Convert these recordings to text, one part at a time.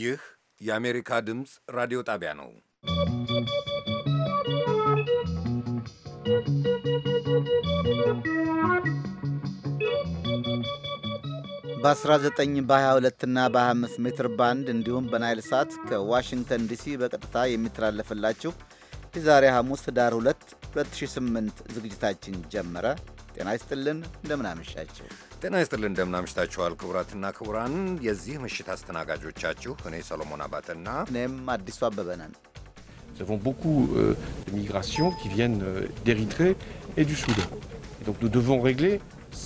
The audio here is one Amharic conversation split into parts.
ይህ የአሜሪካ ድምፅ ራዲዮ ጣቢያ ነው። በ19 በ22 እና በ25 ሜትር ባንድ እንዲሁም በናይል ሳት ከዋሽንግተን ዲሲ በቀጥታ የሚተላለፍላችሁ የዛሬ ሐሙስ ህዳር 2 2008 ዝግጅታችን ጀመረ። ጤና ይስጥልን እንደምናመሻቸው ጤና ይስጥልን እንደምናመሽታችኋል። ክቡራትና ክቡራን የዚህ ምሽት አስተናጋጆቻችሁ እኔ ሰሎሞን አባተና እኔም አዲሱ አበበ ነን። Nous avons beaucoup euh, de migrations qui viennent euh, d'Érythrée et du Soudan. Et donc nous devons régler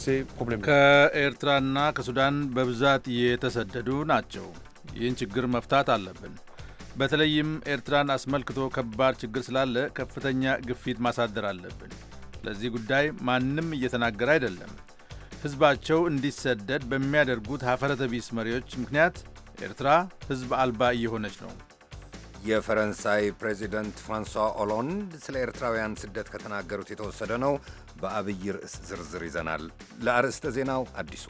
ces problèmes. ከኤርትራና ከሱዳን በብዛት የተሰደዱ ናቸው። ይህን ችግር መፍታት አለብን። በተለይም ኤርትራን አስመልክቶ ከባድ ችግር ስላለ ከፍተኛ ግፊት ማሳደር አለብን። ለዚህ ጉዳይ ማንም እየተናገረ አይደለም። ሕዝባቸው እንዲሰደድ በሚያደርጉት ሀፈረተቢስ መሪዎች ምክንያት ኤርትራ ሕዝብ አልባ እየሆነች ነው። የፈረንሳይ ፕሬዚደንት ፍራንሷ ኦሎንድ ስለ ኤርትራውያን ስደት ከተናገሩት የተወሰደ ነው። በአብይ ርዕስ ዝርዝር ይዘናል። ለአርዕስተ ዜናው አዲሱ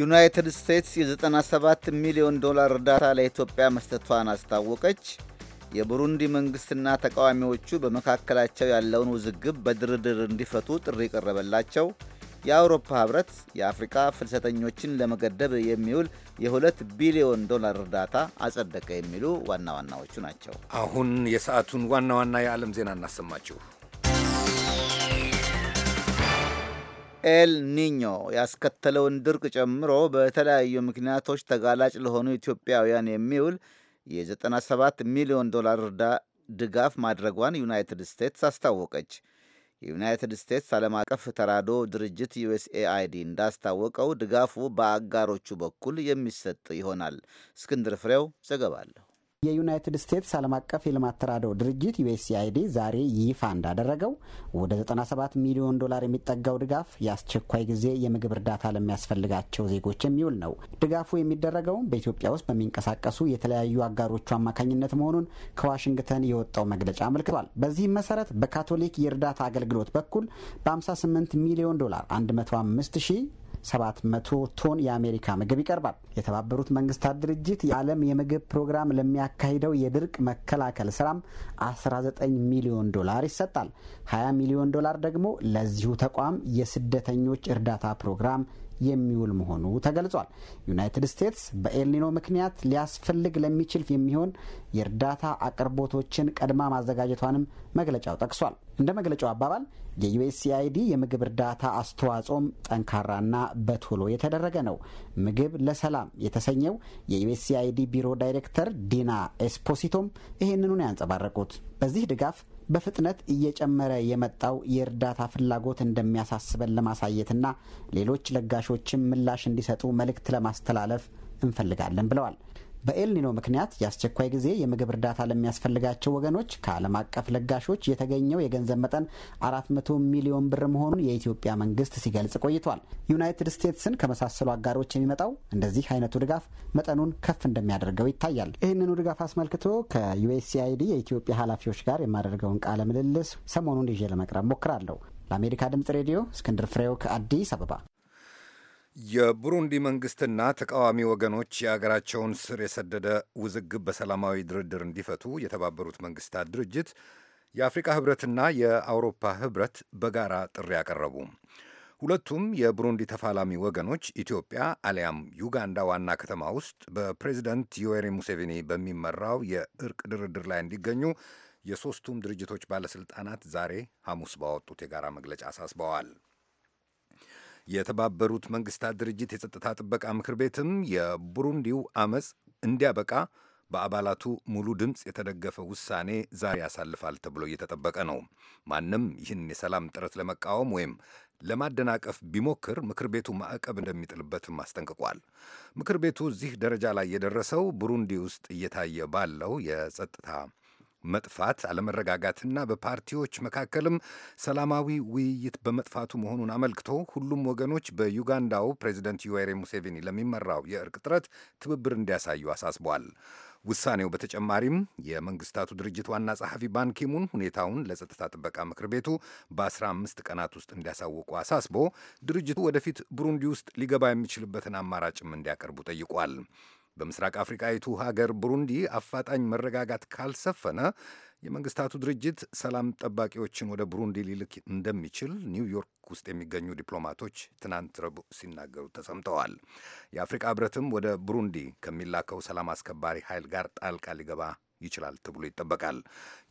ዩናይትድ ስቴትስ የ97 ሚሊዮን ዶላር እርዳታ ለኢትዮጵያ መስጠቷን አስታወቀች። የቡሩንዲ መንግስትና ተቃዋሚዎቹ በመካከላቸው ያለውን ውዝግብ በድርድር እንዲፈቱ ጥሪ ቀረበላቸው። የአውሮፓ ህብረት የአፍሪካ ፍልሰተኞችን ለመገደብ የሚውል የሁለት ቢሊዮን ዶላር እርዳታ አጸደቀ የሚሉ ዋና ዋናዎቹ ናቸው። አሁን የሰዓቱን ዋና ዋና የዓለም ዜና እናሰማችሁ። ኤል ኒኞ ያስከተለውን ድርቅ ጨምሮ በተለያዩ ምክንያቶች ተጋላጭ ለሆኑ ኢትዮጵያውያን የሚውል የ97 ሚሊዮን ዶላር እርዳ ድጋፍ ማድረጓን ዩናይትድ ስቴትስ አስታወቀች። የዩናይትድ ስቴትስ ዓለም አቀፍ ተራዶ ድርጅት ዩኤስኤአይዲ እንዳስታወቀው ድጋፉ በአጋሮቹ በኩል የሚሰጥ ይሆናል። እስክንድር ፍሬው ዘገባ የዩናይትድ ስቴትስ ዓለም አቀፍ የልማት ተራድኦ ድርጅት ዩኤስኤአይዲ ዛሬ ይፋ እንዳደረገው ወደ 97 ሚሊዮን ዶላር የሚጠጋው ድጋፍ የአስቸኳይ ጊዜ የምግብ እርዳታ ለሚያስፈልጋቸው ዜጎች የሚውል ነው። ድጋፉ የሚደረገውም በኢትዮጵያ ውስጥ በሚንቀሳቀሱ የተለያዩ አጋሮቹ አማካኝነት መሆኑን ከዋሽንግተን የወጣው መግለጫ አመልክቷል። በዚህም መሰረት በካቶሊክ የእርዳታ አገልግሎት በኩል በ58 ሚሊዮን ዶላር 105 ሺህ 700 ቶን የአሜሪካ ምግብ ይቀርባል። የተባበሩት መንግስታት ድርጅት የዓለም የምግብ ፕሮግራም ለሚያካሂደው የድርቅ መከላከል ስራም 19 ሚሊዮን ዶላር ይሰጣል። 20 ሚሊዮን ዶላር ደግሞ ለዚሁ ተቋም የስደተኞች እርዳታ ፕሮግራም የሚውል መሆኑ ተገልጿል። ዩናይትድ ስቴትስ በኤልኒኖ ምክንያት ሊያስፈልግ ለሚችል የሚሆን የእርዳታ አቅርቦቶችን ቀድማ ማዘጋጀቷንም መግለጫው ጠቅሷል። እንደ መግለጫው አባባል የዩኤስኤአይዲ የምግብ እርዳታ አስተዋጽኦም ጠንካራና በቶሎ የተደረገ ነው። ምግብ ለሰላም የተሰኘው የዩኤስኤአይዲ ቢሮ ዳይሬክተር ዲና ኤስፖሲቶም ነው ያንጸባረቁት በዚህ ድጋፍ በፍጥነት እየጨመረ የመጣው የእርዳታ ፍላጎት እንደሚያሳስበን ለማሳየትና ሌሎች ለጋሾችም ምላሽ እንዲሰጡ መልእክት ለማስተላለፍ እንፈልጋለን ብለዋል። በኤልኒኖ ምክንያት የአስቸኳይ ጊዜ የምግብ እርዳታ ለሚያስፈልጋቸው ወገኖች ከዓለም አቀፍ ለጋሾች የተገኘው የገንዘብ መጠን 400 ሚሊዮን ብር መሆኑን የኢትዮጵያ መንግስት ሲገልጽ ቆይቷል። ዩናይትድ ስቴትስን ከመሳሰሉ አጋሮች የሚመጣው እንደዚህ አይነቱ ድጋፍ መጠኑን ከፍ እንደሚያደርገው ይታያል። ይህንኑ ድጋፍ አስመልክቶ ከዩኤስኤአይዲ የኢትዮጵያ ኃላፊዎች ጋር የማደርገውን ቃለ ምልልስ ሰሞኑን ይዤ ለመቅረብ ሞክራለሁ። ለአሜሪካ ድምጽ ሬዲዮ እስክንድር ፍሬው ከአዲስ አበባ የቡሩንዲ መንግስትና ተቃዋሚ ወገኖች የአገራቸውን ስር የሰደደ ውዝግብ በሰላማዊ ድርድር እንዲፈቱ የተባበሩት መንግስታት ድርጅት፣ የአፍሪካ ህብረትና የአውሮፓ ህብረት በጋራ ጥሪ አቀረቡ። ሁለቱም የቡሩንዲ ተፋላሚ ወገኖች ኢትዮጵያ አሊያም ዩጋንዳ ዋና ከተማ ውስጥ በፕሬዚደንት ዮዌሪ ሙሴቪኒ በሚመራው የእርቅ ድርድር ላይ እንዲገኙ የሦስቱም ድርጅቶች ባለሥልጣናት ዛሬ ሐሙስ ባወጡት የጋራ መግለጫ አሳስበዋል። የተባበሩት መንግስታት ድርጅት የጸጥታ ጥበቃ ምክር ቤትም የቡሩንዲው አመፅ እንዲያበቃ በአባላቱ ሙሉ ድምፅ የተደገፈ ውሳኔ ዛሬ ያሳልፋል ተብሎ እየተጠበቀ ነው። ማንም ይህን የሰላም ጥረት ለመቃወም ወይም ለማደናቀፍ ቢሞክር ምክር ቤቱ ማዕቀብ እንደሚጥልበትም አስጠንቅቋል። ምክር ቤቱ እዚህ ደረጃ ላይ የደረሰው ቡሩንዲ ውስጥ እየታየ ባለው የጸጥታ መጥፋት አለመረጋጋትና በፓርቲዎች መካከልም ሰላማዊ ውይይት በመጥፋቱ መሆኑን አመልክቶ ሁሉም ወገኖች በዩጋንዳው ፕሬዚደንት ዩዌሪ ሙሴቪኒ ለሚመራው የእርቅ ጥረት ትብብር እንዲያሳዩ አሳስቧል። ውሳኔው በተጨማሪም የመንግስታቱ ድርጅት ዋና ጸሐፊ ባንኪሙን ሁኔታውን ለጸጥታ ጥበቃ ምክር ቤቱ በ15 ቀናት ውስጥ እንዲያሳውቁ አሳስቦ ድርጅቱ ወደፊት ቡሩንዲ ውስጥ ሊገባ የሚችልበትን አማራጭም እንዲያቀርቡ ጠይቋል። በምስራቅ አፍሪካዊቱ ሀገር ብሩንዲ አፋጣኝ መረጋጋት ካልሰፈነ የመንግስታቱ ድርጅት ሰላም ጠባቂዎችን ወደ ብሩንዲ ሊልክ እንደሚችል ኒውዮርክ ውስጥ የሚገኙ ዲፕሎማቶች ትናንት ረቡዕ ሲናገሩ ተሰምተዋል። የአፍሪቃ ህብረትም ወደ ብሩንዲ ከሚላከው ሰላም አስከባሪ ኃይል ጋር ጣልቃ ሊገባ ይችላል ተብሎ ይጠበቃል።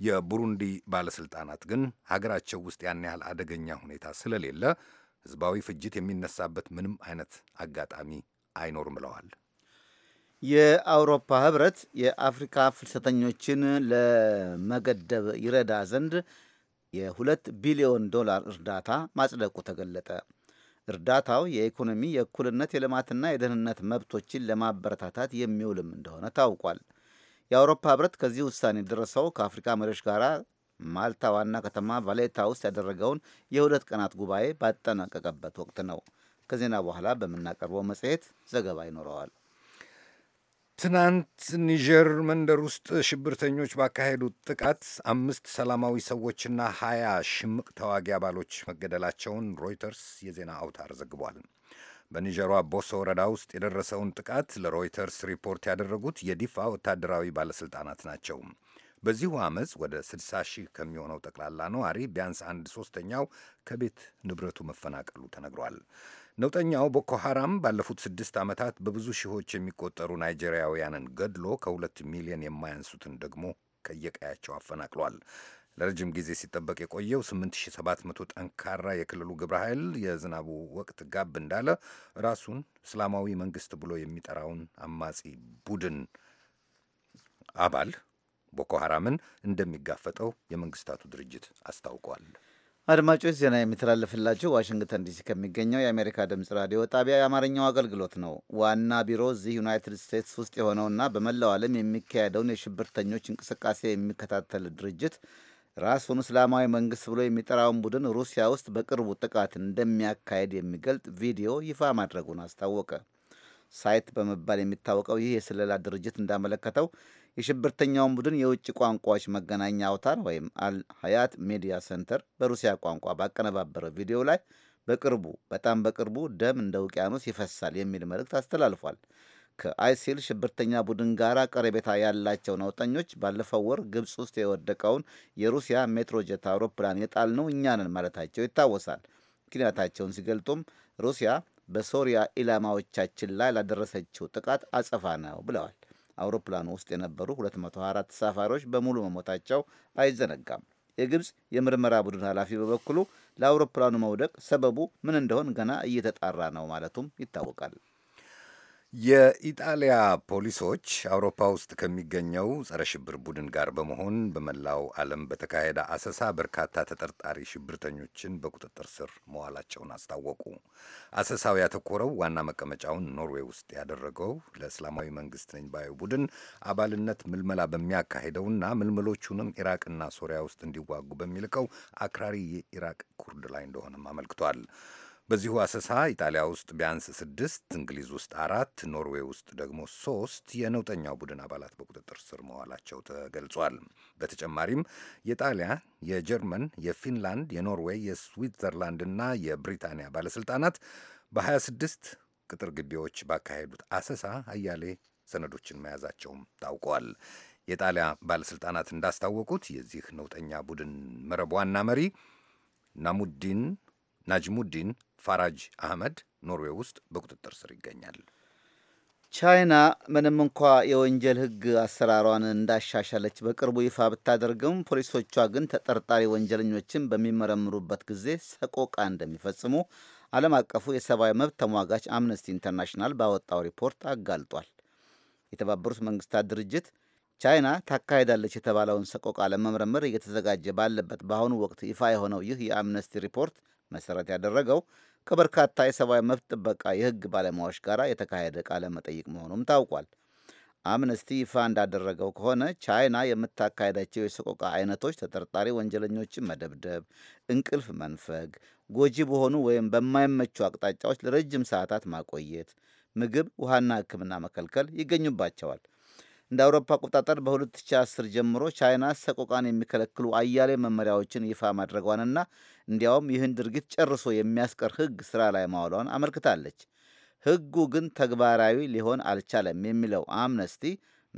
የቡሩንዲ ባለስልጣናት ግን ሀገራቸው ውስጥ ያን ያህል አደገኛ ሁኔታ ስለሌለ ህዝባዊ ፍጅት የሚነሳበት ምንም አይነት አጋጣሚ አይኖርም ብለዋል። የአውሮፓ ህብረት የአፍሪካ ፍልሰተኞችን ለመገደብ ይረዳ ዘንድ የሁለት ቢሊዮን ዶላር እርዳታ ማጽደቁ ተገለጠ። እርዳታው የኢኮኖሚ የእኩልነት፣ የልማትና የደህንነት መብቶችን ለማበረታታት የሚውልም እንደሆነ ታውቋል። የአውሮፓ ህብረት ከዚህ ውሳኔ ደረሰው ከአፍሪካ መሪዎች ጋር ማልታ ዋና ከተማ ቫሌታ ውስጥ ያደረገውን የሁለት ቀናት ጉባኤ ባጠናቀቀበት ወቅት ነው። ከዜና በኋላ በምናቀርበው መጽሔት ዘገባ ይኖረዋል። ትናንት ኒጀር መንደር ውስጥ ሽብርተኞች ባካሄዱት ጥቃት አምስት ሰላማዊ ሰዎችና ሀያ ሽምቅ ተዋጊ አባሎች መገደላቸውን ሮይተርስ የዜና አውታር ዘግቧል። በኒጀሯ ቦሶ ወረዳ ውስጥ የደረሰውን ጥቃት ለሮይተርስ ሪፖርት ያደረጉት የዲፋ ወታደራዊ ባለሥልጣናት ናቸው። በዚሁ ዓመፅ ወደ 60 ሺህ ከሚሆነው ጠቅላላ ነዋሪ ቢያንስ አንድ ሦስተኛው ከቤት ንብረቱ መፈናቀሉ ተነግሯል። ነውጠኛው ቦኮ ሐራም ባለፉት ስድስት ዓመታት በብዙ ሺዎች የሚቆጠሩ ናይጄሪያውያንን ገድሎ ከሁለት ሚሊዮን የማያንሱትን ደግሞ ከየቀያቸው አፈናቅሏል። ለረጅም ጊዜ ሲጠበቅ የቆየው 8700 ጠንካራ የክልሉ ግብረ ኃይል የዝናቡ ወቅት ጋብ እንዳለ ራሱን እስላማዊ መንግስት ብሎ የሚጠራውን አማጺ ቡድን አባል ቦኮ ሐራምን እንደሚጋፈጠው የመንግስታቱ ድርጅት አስታውቋል። አድማጮች ዜና የሚተላለፍላችሁ ዋሽንግተን ዲሲ ከሚገኘው የአሜሪካ ድምፅ ራዲዮ ጣቢያ የአማርኛው አገልግሎት ነው። ዋና ቢሮ እዚህ ዩናይትድ ስቴትስ ውስጥ የሆነውና በመላው ዓለም የሚካሄደውን የሽብርተኞች እንቅስቃሴ የሚከታተል ድርጅት ራሱን እስላማዊ መንግስት ብሎ የሚጠራውን ቡድን ሩሲያ ውስጥ በቅርቡ ጥቃት እንደሚያካሄድ የሚገልጥ ቪዲዮ ይፋ ማድረጉን አስታወቀ። ሳይት በመባል የሚታወቀው ይህ የስለላ ድርጅት እንዳመለከተው የሽብርተኛውን ቡድን የውጭ ቋንቋዎች መገናኛ አውታር ወይም አልሀያት ሚዲያ ሴንተር በሩሲያ ቋንቋ ባቀነባበረው ቪዲዮ ላይ በቅርቡ በጣም በቅርቡ ደም እንደ ውቅያኖስ ይፈሳል የሚል መልእክት አስተላልፏል። ከአይሲል ሽብርተኛ ቡድን ጋር ቀረቤታ ያላቸው ነውጠኞች ባለፈው ወር ግብፅ ውስጥ የወደቀውን የሩሲያ ሜትሮጀት አውሮፕላን የጣልነው እኛንን ማለታቸው ይታወሳል። ምክንያታቸውን ሲገልጡም ሩሲያ በሶሪያ ኢላማዎቻችን ላይ ላደረሰችው ጥቃት አጸፋ ነው ብለዋል። አውሮፕላን ውስጥ የነበሩ 224 ተሳፋሪዎች በሙሉ መሞታቸው አይዘነጋም። የግብፅ የምርመራ ቡድን ኃላፊ በበኩሉ ለአውሮፕላኑ መውደቅ ሰበቡ ምን እንደሆን ገና እየተጣራ ነው ማለቱም ይታወቃል። የኢጣሊያ ፖሊሶች አውሮፓ ውስጥ ከሚገኘው ጸረ ሽብር ቡድን ጋር በመሆን በመላው ዓለም በተካሄደ አሰሳ በርካታ ተጠርጣሪ ሽብርተኞችን በቁጥጥር ስር መዋላቸውን አስታወቁ። አሰሳው ያተኮረው ዋና መቀመጫውን ኖርዌይ ውስጥ ያደረገው ለእስላማዊ መንግስት ነኝ ባዩ ቡድን አባልነት ምልመላ በሚያካሂደውና ምልምሎቹንም ኢራቅና ሶሪያ ውስጥ እንዲዋጉ በሚልከው አክራሪ የኢራቅ ኩርድ ላይ እንደሆነም አመልክቷል። በዚሁ አሰሳ ኢጣሊያ ውስጥ ቢያንስ ስድስት፣ እንግሊዝ ውስጥ አራት፣ ኖርዌይ ውስጥ ደግሞ ሶስት የነውጠኛው ቡድን አባላት በቁጥጥር ስር መዋላቸው ተገልጿል። በተጨማሪም የጣሊያ፣ የጀርመን፣ የፊንላንድ፣ የኖርዌይ፣ የስዊትዘርላንድ እና የብሪታንያ ባለስልጣናት በ26 ቅጥር ግቢዎች ባካሄዱት አሰሳ አያሌ ሰነዶችን መያዛቸውም ታውቋል። የጣሊያ ባለሥልጣናት እንዳስታወቁት የዚህ ነውጠኛ ቡድን መረብ ዋና መሪ ናሙዲን ናጅሙዲን ፋራጅ አህመድ ኖርዌይ ውስጥ በቁጥጥር ስር ይገኛል። ቻይና ምንም እንኳ የወንጀል ሕግ አሰራሯን እንዳሻሻለች በቅርቡ ይፋ ብታደርግም ፖሊሶቿ ግን ተጠርጣሪ ወንጀለኞችን በሚመረምሩበት ጊዜ ሰቆቃ እንደሚፈጽሙ ዓለም አቀፉ የሰብአዊ መብት ተሟጋች አምነስቲ ኢንተርናሽናል ባወጣው ሪፖርት አጋልጧል። የተባበሩት መንግስታት ድርጅት ቻይና ታካሄዳለች የተባለውን ሰቆቃ ለመመረመር እየተዘጋጀ ባለበት በአሁኑ ወቅት ይፋ የሆነው ይህ የአምነስቲ ሪፖርት መሰረት ያደረገው ከበርካታ የሰብአዊ መብት ጥበቃ የህግ ባለሙያዎች ጋር የተካሄደ ቃለ መጠይቅ መሆኑም ታውቋል። አምነስቲ ይፋ እንዳደረገው ከሆነ ቻይና የምታካሄዳቸው የሰቆቃ አይነቶች ተጠርጣሪ ወንጀለኞችን መደብደብ፣ እንቅልፍ መንፈግ፣ ጎጂ በሆኑ ወይም በማይመቹ አቅጣጫዎች ለረጅም ሰዓታት ማቆየት፣ ምግብ፣ ውሃና ሕክምና መከልከል ይገኙባቸዋል። እንደ አውሮፓ አቆጣጠር በ2010 ጀምሮ ቻይና ሰቆቃን የሚከለክሉ አያሌ መመሪያዎችን ይፋ ማድረጓንና እንዲያውም ይህን ድርጊት ጨርሶ የሚያስቀር ሕግ ስራ ላይ ማዋሏን አመልክታለች። ሕጉ ግን ተግባራዊ ሊሆን አልቻለም የሚለው አምነስቲ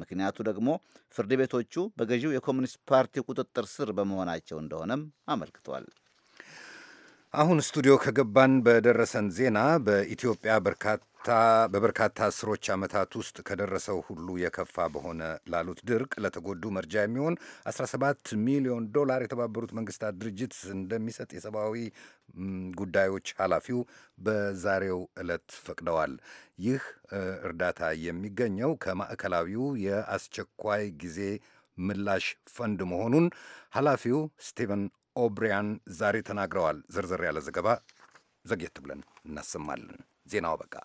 ምክንያቱ ደግሞ ፍርድ ቤቶቹ በገዢው የኮሚኒስት ፓርቲ ቁጥጥር ስር በመሆናቸው እንደሆነም አመልክቷል። አሁን ስቱዲዮ ከገባን በደረሰን ዜና በኢትዮጵያ በርካታ በበርካታ አስሮች ዓመታት ውስጥ ከደረሰው ሁሉ የከፋ በሆነ ላሉት ድርቅ ለተጎዱ መርጃ የሚሆን 17 ሚሊዮን ዶላር የተባበሩት መንግስታት ድርጅት እንደሚሰጥ የሰብአዊ ጉዳዮች ኃላፊው በዛሬው ዕለት ፈቅደዋል። ይህ እርዳታ የሚገኘው ከማዕከላዊው የአስቸኳይ ጊዜ ምላሽ ፈንድ መሆኑን ኃላፊው ስቲቨን ኦብሪያን ዛሬ ተናግረዋል። ዝርዝር ያለ ዘገባ ዘግየት ብለን እናሰማለን። ዜናው በቃ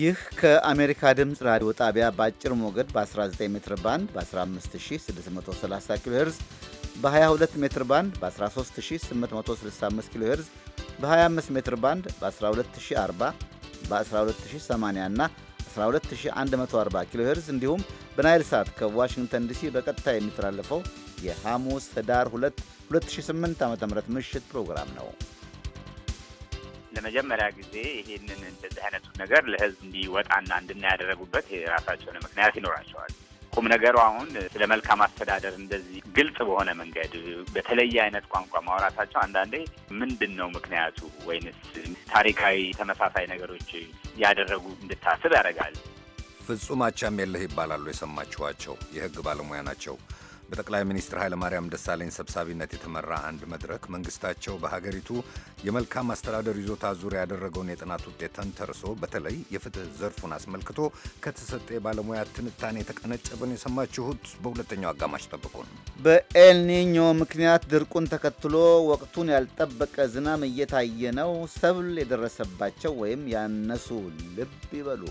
ይህ ከአሜሪካ ድምፅ ራዲዮ ጣቢያ በአጭር ሞገድ በ19 ሜትር ባንድ በ15630 ኪሎ ሄርዝ በ22 ሜትር ባንድ በ13865 ኪሎ ሄርዝ በ25 ሜትር ባንድ በ12040 በ12080 እና 12140 ኪሎ ሄርዝ እንዲሁም በናይል ሳት ከዋሽንግተን ዲሲ በቀጥታ የሚተላለፈው የሐሙስ ህዳር 2 2008 ዓ.ም ምሽት ፕሮግራም ነው። ለመጀመሪያ ጊዜ ይህንን እንደዚህ አይነቱ ነገር ለህዝብ እንዲወጣና እንድናያደረጉበት የራሳቸውን ምክንያት ይኖራቸዋል። ቁም ነገሩ አሁን ስለ መልካም አስተዳደር እንደዚህ ግልጽ በሆነ መንገድ በተለየ አይነት ቋንቋ ማውራታቸው አንዳንዴ ምንድን ነው ምክንያቱ ወይንስ ታሪካዊ ተመሳሳይ ነገሮች ያደረጉ እንድታስብ ያደርጋል። ፍጹም አቻም የለህ ይባላሉ የሰማችኋቸው የህግ ባለሙያ ናቸው። በጠቅላይ ሚኒስትር ኃይለማርያም ደሳለኝ ሰብሳቢነት የተመራ አንድ መድረክ መንግስታቸው በሀገሪቱ የመልካም አስተዳደር ይዞታ ዙሪያ ያደረገውን የጥናት ውጤት ተንተርሶ በተለይ የፍትህ ዘርፉን አስመልክቶ ከተሰጠ የባለሙያ ትንታኔ የተቀነጨበን የሰማችሁት። በሁለተኛው አጋማሽ ጠብቁን። በኤልኒኞ ምክንያት ድርቁን ተከትሎ ወቅቱን ያልጠበቀ ዝናብ እየታየ ነው። ሰብል የደረሰባቸው ወይም ያነሱ ልብ ይበሉ።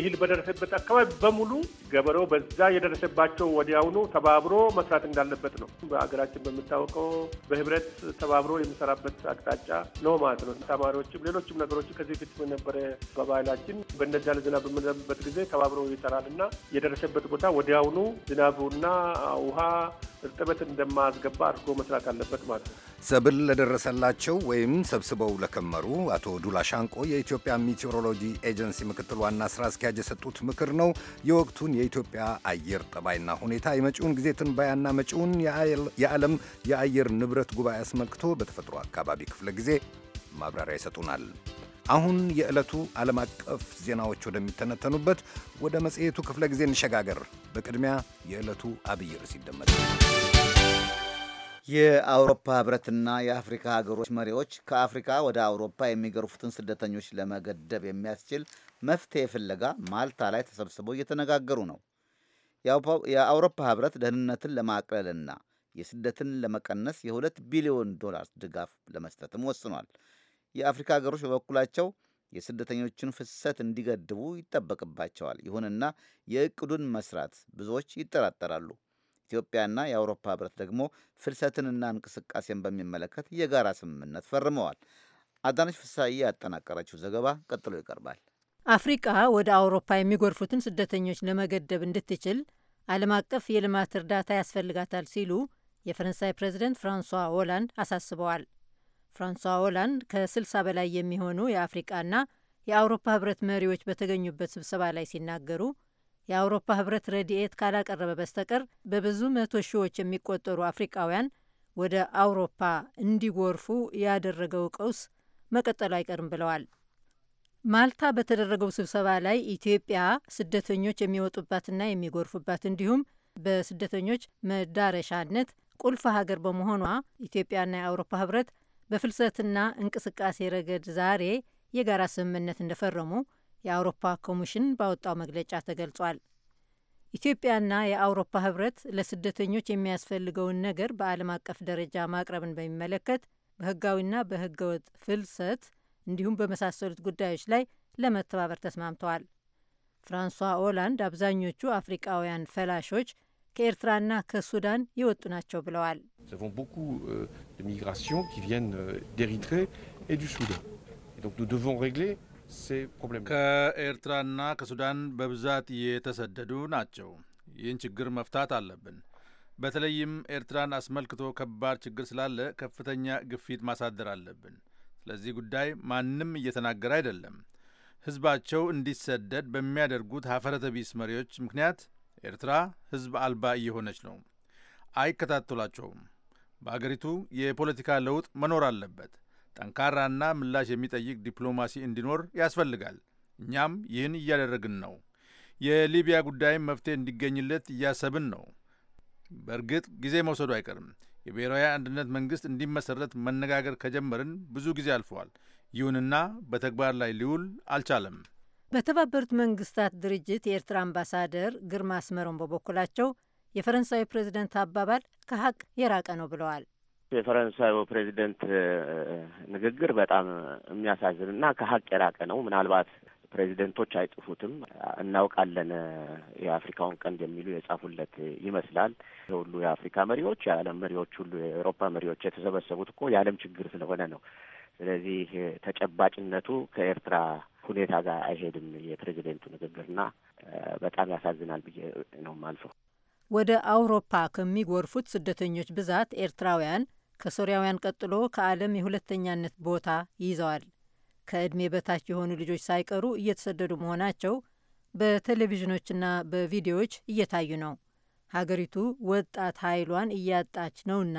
እህል በደረሰበት አካባቢ በሙሉ ገበሬው በዛ የደረሰባቸው ወዲያውኑ ተባብሮ መስራት እንዳለበት ነው በሀገራችን በሚታወቀው በህብረት ተባብሮ የሚሰራበት አቅጣጫ ነው ማለት ነው። ተማሪዎችም ሌሎችም ነገሮች ከዚህ ፊት የነበረ በባህላችን በእነዚህ ያለ ዝናብ ጊዜ ተባብሮ ይሰራል እና የደረሰበት ቦታ ወዲያውኑ ዝናቡና ውሃ እርጥበት እንደማያስገባ አድርጎ መስራት አለበት ማለት ነው። ሰብል ለደረሰላቸው ወይም ሰብስበው ለከመሩ አቶ ዱላ ሻንቆ የኢትዮጵያ ሚቴዎሮሎጂ ኤጀንሲ ምክትል ዋና ስራ አስኪያጅ የሰጡት ምክር ነው። የወቅቱን የኢትዮጵያ አየር ጠባይና ሁኔታ፣ የመጪውን ጊዜ ትንባያና መጪውን የዓለም የአየር ንብረት ጉባኤ አስመልክቶ በተፈጥሮ አካባቢ ክፍለ ጊዜ ማብራሪያ ይሰጡናል። አሁን የዕለቱ ዓለም አቀፍ ዜናዎች ወደሚተነተኑበት ወደ መጽሔቱ ክፍለ ጊዜ እንሸጋገር። በቅድሚያ የዕለቱ አብይ ርዕስ ይደመጣል። የአውሮፓ ህብረትና የአፍሪካ ሀገሮች መሪዎች ከአፍሪካ ወደ አውሮፓ የሚገርፉትን ስደተኞች ለመገደብ የሚያስችል መፍትሄ ፍለጋ ማልታ ላይ ተሰብስበው እየተነጋገሩ ነው። የአውሮፓ ህብረት ደህንነትን ለማቅለልና የስደትን ለመቀነስ የሁለት ቢሊዮን ዶላር ድጋፍ ለመስጠትም ወስኗል። የአፍሪካ ሀገሮች በበኩላቸው የስደተኞችን ፍሰት እንዲገድቡ ይጠበቅባቸዋል። ይሁንና የእቅዱን መስራት ብዙዎች ይጠራጠራሉ። ኢትዮጵያና የአውሮፓ ህብረት ደግሞ ፍልሰትንና እንቅስቃሴን በሚመለከት የጋራ ስምምነት ፈርመዋል። አዳነች ፍሳዬ ያጠናቀረችው ዘገባ ቀጥሎ ይቀርባል። አፍሪቃ ወደ አውሮፓ የሚጎርፉትን ስደተኞች ለመገደብ እንድትችል ዓለም አቀፍ የልማት እርዳታ ያስፈልጋታል ሲሉ የፈረንሳይ ፕሬዚደንት ፍራንሷ ሆላንድ አሳስበዋል። ፍራንሷ ሆላንድ ከ60 በላይ የሚሆኑ የአፍሪቃና የአውሮፓ ህብረት መሪዎች በተገኙበት ስብሰባ ላይ ሲናገሩ የአውሮፓ ህብረት ረድኤት ካላቀረበ በስተቀር በብዙ መቶ ሺዎች የሚቆጠሩ አፍሪቃውያን ወደ አውሮፓ እንዲጎርፉ ያደረገው ቀውስ መቀጠሉ አይቀርም ብለዋል። ማልታ በተደረገው ስብሰባ ላይ ኢትዮጵያ ስደተኞች የሚወጡባትና የሚጎርፉባት እንዲሁም በስደተኞች መዳረሻነት ቁልፍ ሀገር በመሆኗ ኢትዮጵያና የአውሮፓ ህብረት በፍልሰትና እንቅስቃሴ ረገድ ዛሬ የጋራ ስምምነት እንደፈረሙ የአውሮፓ ኮሚሽን ባወጣው መግለጫ ተገልጿል። ኢትዮጵያና የአውሮፓ ህብረት ለስደተኞች የሚያስፈልገውን ነገር በዓለም አቀፍ ደረጃ ማቅረብን በሚመለከት በህጋዊና በህገወጥ ፍልሰት እንዲሁም በመሳሰሉት ጉዳዮች ላይ ለመተባበር ተስማምተዋል። ፍራንሷ ኦላንድ አብዛኞቹ አፍሪቃውያን ፈላሾች ከኤርትራና ከሱዳን የወጡ ናቸው ብለዋል። ሚግራሲን ቪን ዴሪትሬ ሱዳን ከኤርትራና ከሱዳን በብዛት የተሰደዱ ናቸው። ይህን ችግር መፍታት አለብን። በተለይም ኤርትራን አስመልክቶ ከባድ ችግር ስላለ ከፍተኛ ግፊት ማሳደር አለብን። ስለዚህ ጉዳይ ማንም እየተናገረ አይደለም። ሕዝባቸው እንዲሰደድ በሚያደርጉት ሀፈረተ ቢስ መሪዎች ምክንያት ኤርትራ ሕዝብ አልባ እየሆነች ነው። አይከታተሏቸውም። በአገሪቱ የፖለቲካ ለውጥ መኖር አለበት። ጠንካራና ምላሽ የሚጠይቅ ዲፕሎማሲ እንዲኖር ያስፈልጋል። እኛም ይህን እያደረግን ነው። የሊቢያ ጉዳይም መፍትሄ እንዲገኝለት እያሰብን ነው። በእርግጥ ጊዜ መውሰዱ አይቀርም። የብሔራዊ አንድነት መንግሥት እንዲመሰረት መነጋገር ከጀመርን ብዙ ጊዜ አልፈዋል። ይሁንና በተግባር ላይ ሊውል አልቻለም። በተባበሩት መንግስታት ድርጅት የኤርትራ አምባሳደር ግርማ አስመሮም በበኩላቸው የፈረንሳዊ ፕሬዚደንት አባባል ከሀቅ የራቀ ነው ብለዋል። የፈረንሳዩ ፕሬዚደንት ንግግር በጣም የሚያሳዝን እና ከሀቅ የራቀ ነው። ምናልባት ፕሬዚደንቶች አይጽፉትም እናውቃለን የአፍሪካውን ቀንድ የሚሉ የጻፉለት ይመስላል። ሁሉ የአፍሪካ መሪዎች፣ የዓለም መሪዎች ሁሉ የአውሮፓ መሪዎች የተሰበሰቡት እኮ የዓለም ችግር ስለሆነ ነው። ስለዚህ ተጨባጭነቱ ከኤርትራ ሁኔታ ጋር አይሄድም የፕሬዚደንቱ ንግግርና በጣም ያሳዝናል ብዬ ነው የማልፈው። ወደ አውሮፓ ከሚጎርፉት ስደተኞች ብዛት ኤርትራውያን ከሶሪያውያን ቀጥሎ ከዓለም የሁለተኛነት ቦታ ይይዘዋል። ከዕድሜ በታች የሆኑ ልጆች ሳይቀሩ እየተሰደዱ መሆናቸው በቴሌቪዥኖችና በቪዲዮዎች እየታዩ ነው። ሀገሪቱ ወጣት ኃይሏን እያጣች ነውና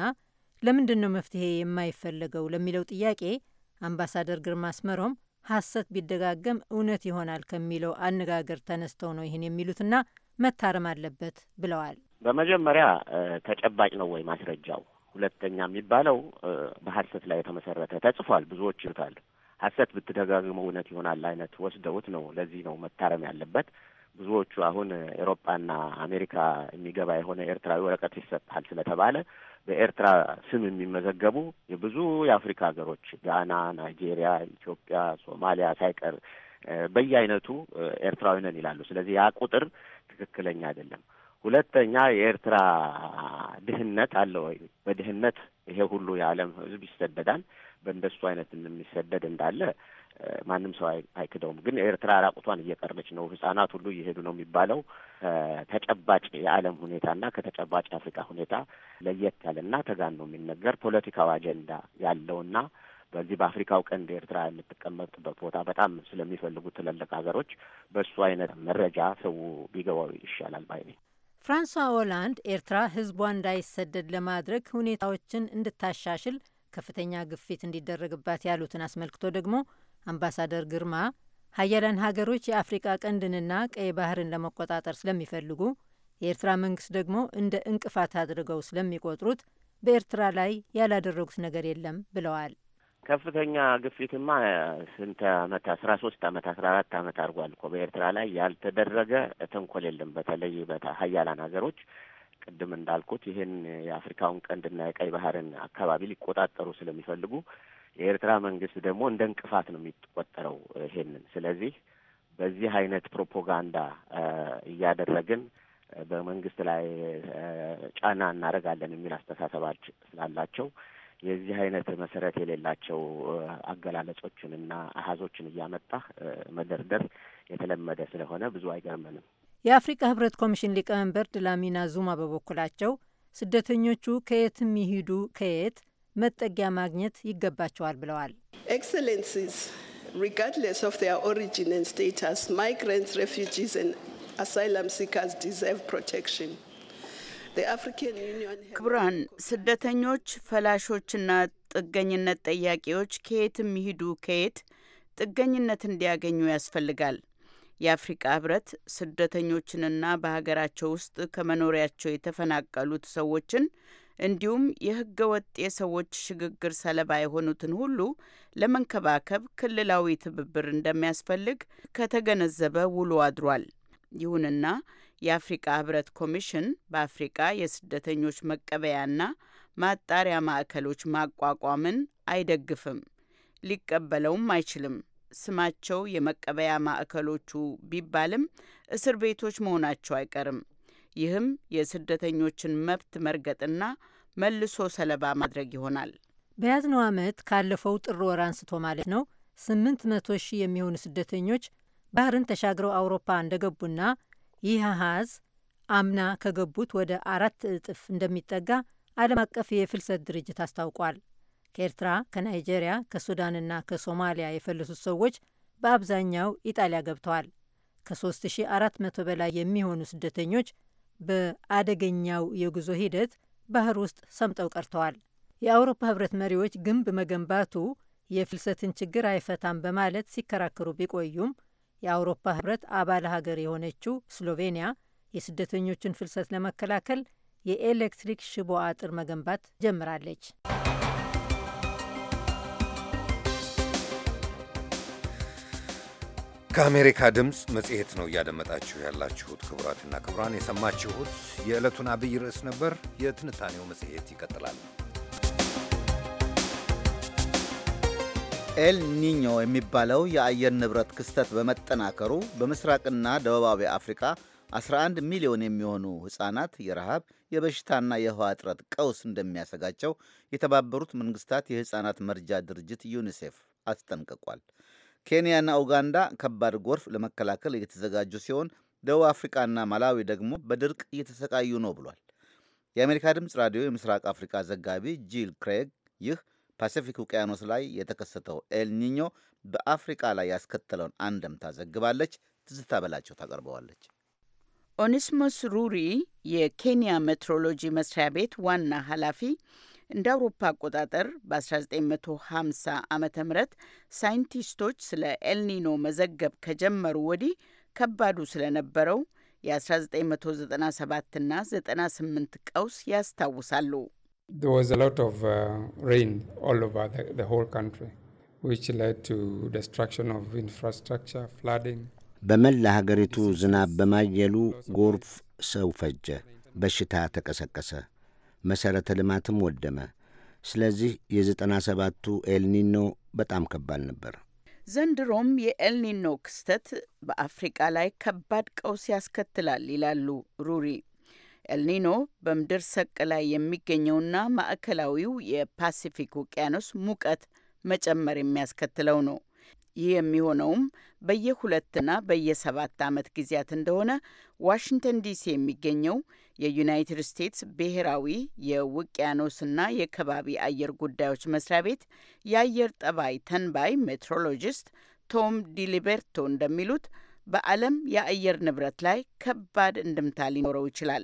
ለምንድን ነው መፍትሄ የማይፈለገው ለሚለው ጥያቄ አምባሳደር ግርማ አስመሮም ሐሰት ቢደጋገም እውነት ይሆናል ከሚለው አነጋገር ተነስተው ነው ይህን የሚሉትና መታረም አለበት ብለዋል። በመጀመሪያ ተጨባጭ ነው ወይ ማስረጃው? ሁለተኛ የሚባለው በሀሰት ላይ የተመሰረተ ተጽፏል፣ ብዙዎች ይሉታል። ሀሰት ብትደጋግመው እውነት ይሆናል አይነት ወስደውት ነው። ለዚህ ነው መታረም ያለበት። ብዙዎቹ አሁን ኤሮጳና አሜሪካ የሚገባ የሆነ ኤርትራዊ ወረቀት ይሰጣል ስለተባለ በኤርትራ ስም የሚመዘገቡ የብዙ የአፍሪካ ሀገሮች ጋና፣ ናይጄሪያ፣ ኢትዮጵያ፣ ሶማሊያ ሳይቀር በየአይነቱ ኤርትራዊ ነን ይላሉ። ስለዚህ ያ ቁጥር ትክክለኛ አይደለም። ሁለተኛ የኤርትራ ድህነት አለ ወይ? በድህነት ይሄ ሁሉ የዓለም ህዝብ ይሰደዳል። በእንደሱ አይነት የሚሰደድ እንዳለ ማንም ሰው አይክደውም። ግን ኤርትራ ራቁቷን እየቀረች ነው። ህጻናት ሁሉ እየሄዱ ነው የሚባለው ተጨባጭ የዓለም ሁኔታና ከተጨባጭ የአፍሪካ ሁኔታ ለየት ያለና ተጋን ነው የሚነገር ፖለቲካው አጀንዳ ያለውና በዚህ በአፍሪካው ቀንድ ኤርትራ የምትቀመጥበት ቦታ በጣም ስለሚፈልጉ ትላልቅ ሀገሮች በእሱ አይነት መረጃ ሰው ቢገባው ይሻላል ባይኔ። ፍራንሷ ኦላንድ ኤርትራ ህዝቧ እንዳይሰደድ ለማድረግ ሁኔታዎችን እንድታሻሽል ከፍተኛ ግፊት እንዲደረግባት ያሉትን አስመልክቶ ደግሞ አምባሳደር ግርማ ሀያላን ሀገሮች የአፍሪቃ ቀንድንና ቀይ ባህርን ለመቆጣጠር ስለሚፈልጉ የኤርትራ መንግስት ደግሞ እንደ እንቅፋት አድርገው ስለሚቆጥሩት በኤርትራ ላይ ያላደረጉት ነገር የለም ብለዋል። ከፍተኛ ግፊትማ ስንት አመት አስራ ሶስት አመት አስራ አራት አመት አድርጓል እኮ በኤርትራ ላይ ያልተደረገ ተንኮል የለም። በተለይ በሀያላን ሀገሮች ቅድም እንዳልኩት ይህን የአፍሪካውን ቀንድና የቀይ ባህርን አካባቢ ሊቆጣጠሩ ስለሚፈልጉ የኤርትራ መንግስት ደግሞ እንደ እንቅፋት ነው የሚቆጠረው ይሄንን። ስለዚህ በዚህ አይነት ፕሮፓጋንዳ እያደረግን በመንግስት ላይ ጫና እናደርጋለን የሚል አስተሳሰባች ስላላቸው የዚህ አይነት መሰረት የሌላቸው አገላለጾችንና አሀዞችን እያመጣ መደርደር የተለመደ ስለሆነ ብዙ አይገርመንም። የአፍሪቃ ህብረት ኮሚሽን ሊቀመንበር ድላሚና ዙማ በበኩላቸው ስደተኞቹ ከየትም ይሂዱ ከየት መጠጊያ ማግኘት ይገባቸዋል ብለዋል። ኤክሰለንሲስ ሪጋርድለስ ኦፍ ዜር ኦሪጂን ኤንድ ስቴተስ ማይግራንትስ ሬፊውጂስ ኤንድ አሳይለም ሲከርስ ዲዘርቭ ፕሮቴክሽን ክቡራን ስደተኞች፣ ፈላሾችና ጥገኝነት ጠያቂዎች ከየትም ይሂዱ ከየት ጥገኝነት እንዲያገኙ ያስፈልጋል። የአፍሪቃ ህብረት ስደተኞችንና በሀገራቸው ውስጥ ከመኖሪያቸው የተፈናቀሉት ሰዎችን እንዲሁም የህገ ወጥ የሰዎች ሽግግር ሰለባ የሆኑትን ሁሉ ለመንከባከብ ክልላዊ ትብብር እንደሚያስፈልግ ከተገነዘበ ውሎ አድሯል። ይሁንና የአፍሪቃ ህብረት ኮሚሽን በአፍሪቃ የስደተኞች መቀበያና ማጣሪያ ማዕከሎች ማቋቋምን አይደግፍም፣ ሊቀበለውም አይችልም። ስማቸው የመቀበያ ማዕከሎቹ ቢባልም እስር ቤቶች መሆናቸው አይቀርም። ይህም የስደተኞችን መብት መርገጥና መልሶ ሰለባ ማድረግ ይሆናል። በያዝነው ዓመት ካለፈው ጥር ወር አንስቶ ማለት ነው ስምንት መቶ ሺህ የሚሆኑ ስደተኞች ባህርን ተሻግረው አውሮፓ እንደገቡና ይህ አሃዝ አምና ከገቡት ወደ አራት እጥፍ እንደሚጠጋ ዓለም አቀፍ የፍልሰት ድርጅት አስታውቋል። ከኤርትራ፣ ከናይጄሪያ፣ ከሱዳንና ከሶማሊያ የፈለሱት ሰዎች በአብዛኛው ኢጣሊያ ገብተዋል። ከ3400 በላይ የሚሆኑ ስደተኞች በአደገኛው የጉዞ ሂደት ባህር ውስጥ ሰምጠው ቀርተዋል። የአውሮፓ ህብረት መሪዎች ግንብ መገንባቱ የፍልሰትን ችግር አይፈታም በማለት ሲከራከሩ ቢቆዩም የአውሮፓ ህብረት አባል ሀገር የሆነችው ስሎቬኒያ የስደተኞችን ፍልሰት ለመከላከል የኤሌክትሪክ ሽቦ አጥር መገንባት ጀምራለች። ከአሜሪካ ድምፅ መጽሔት ነው እያደመጣችሁ ያላችሁት። ክቡራትና ክቡራን የሰማችሁት የዕለቱን አብይ ርዕስ ነበር። የትንታኔው መጽሔት ይቀጥላል። ኤል ኒኞ የሚባለው የአየር ንብረት ክስተት በመጠናከሩ በምስራቅና ደቡባዊ አፍሪካ 11 ሚሊዮን የሚሆኑ ሕፃናት የረሃብ የበሽታና የውሃ እጥረት ቀውስ እንደሚያሰጋቸው የተባበሩት መንግስታት የሕፃናት መርጃ ድርጅት ዩኒሴፍ አስጠንቅቋል። ኬንያና ኡጋንዳ ከባድ ጎርፍ ለመከላከል እየተዘጋጁ ሲሆን ደቡብ አፍሪካና ማላዊ ደግሞ በድርቅ እየተሰቃዩ ነው ብሏል። የአሜሪካ ድምፅ ራዲዮ የምስራቅ አፍሪካ ዘጋቢ ጂል ክሬግ ይህ ፓሲፊክ ውቅያኖስ ላይ የተከሰተው ኤልኒኞ በአፍሪቃ ላይ ያስከተለውን አንድምታ ዘግባለች። ትዝታ በላቸው ታቀርበዋለች። ኦኒስሞስ ሩሪ የኬንያ ሜትሮሎጂ መስሪያ ቤት ዋና ኃላፊ እንደ አውሮፓ አቆጣጠር በ1950 ዓ ም ሳይንቲስቶች ስለ ኤልኒኖ መዘገብ ከጀመሩ ወዲህ ከባዱ ስለነበረው የ1997ና 98 ቀውስ ያስታውሳሉ። There was a lot of uh, rain all over the, the whole country, which led to destruction of infrastructure, flooding. በመላ ሀገሪቱ ዝናብ በማየሉ ጎርፍ ሰው ፈጀ፣ በሽታ ተቀሰቀሰ፣ መሠረተ ልማትም ወደመ። ስለዚህ የዘጠና ሰባቱ ኤልኒኖ በጣም ከባድ ነበር። ዘንድሮም የኤልኒኖ ክስተት በአፍሪቃ ላይ ከባድ ቀውስ ያስከትላል ይላሉ ሩሪ ኤልኒኖ በምድር ሰቅ ላይ የሚገኘውና ማዕከላዊው የፓሲፊክ ውቅያኖስ ሙቀት መጨመር የሚያስከትለው ነው። ይህ የሚሆነውም በየሁለትና በየሰባት ዓመት ጊዜያት እንደሆነ ዋሽንግተን ዲሲ የሚገኘው የዩናይትድ ስቴትስ ብሔራዊ የውቅያኖስና የከባቢ አየር ጉዳዮች መስሪያ ቤት የአየር ጠባይ ተንባይ ሜትሮሎጂስት ቶም ዲሊቤርቶ እንደሚሉት በዓለም የአየር ንብረት ላይ ከባድ እንድምታ ሊኖረው ይችላል።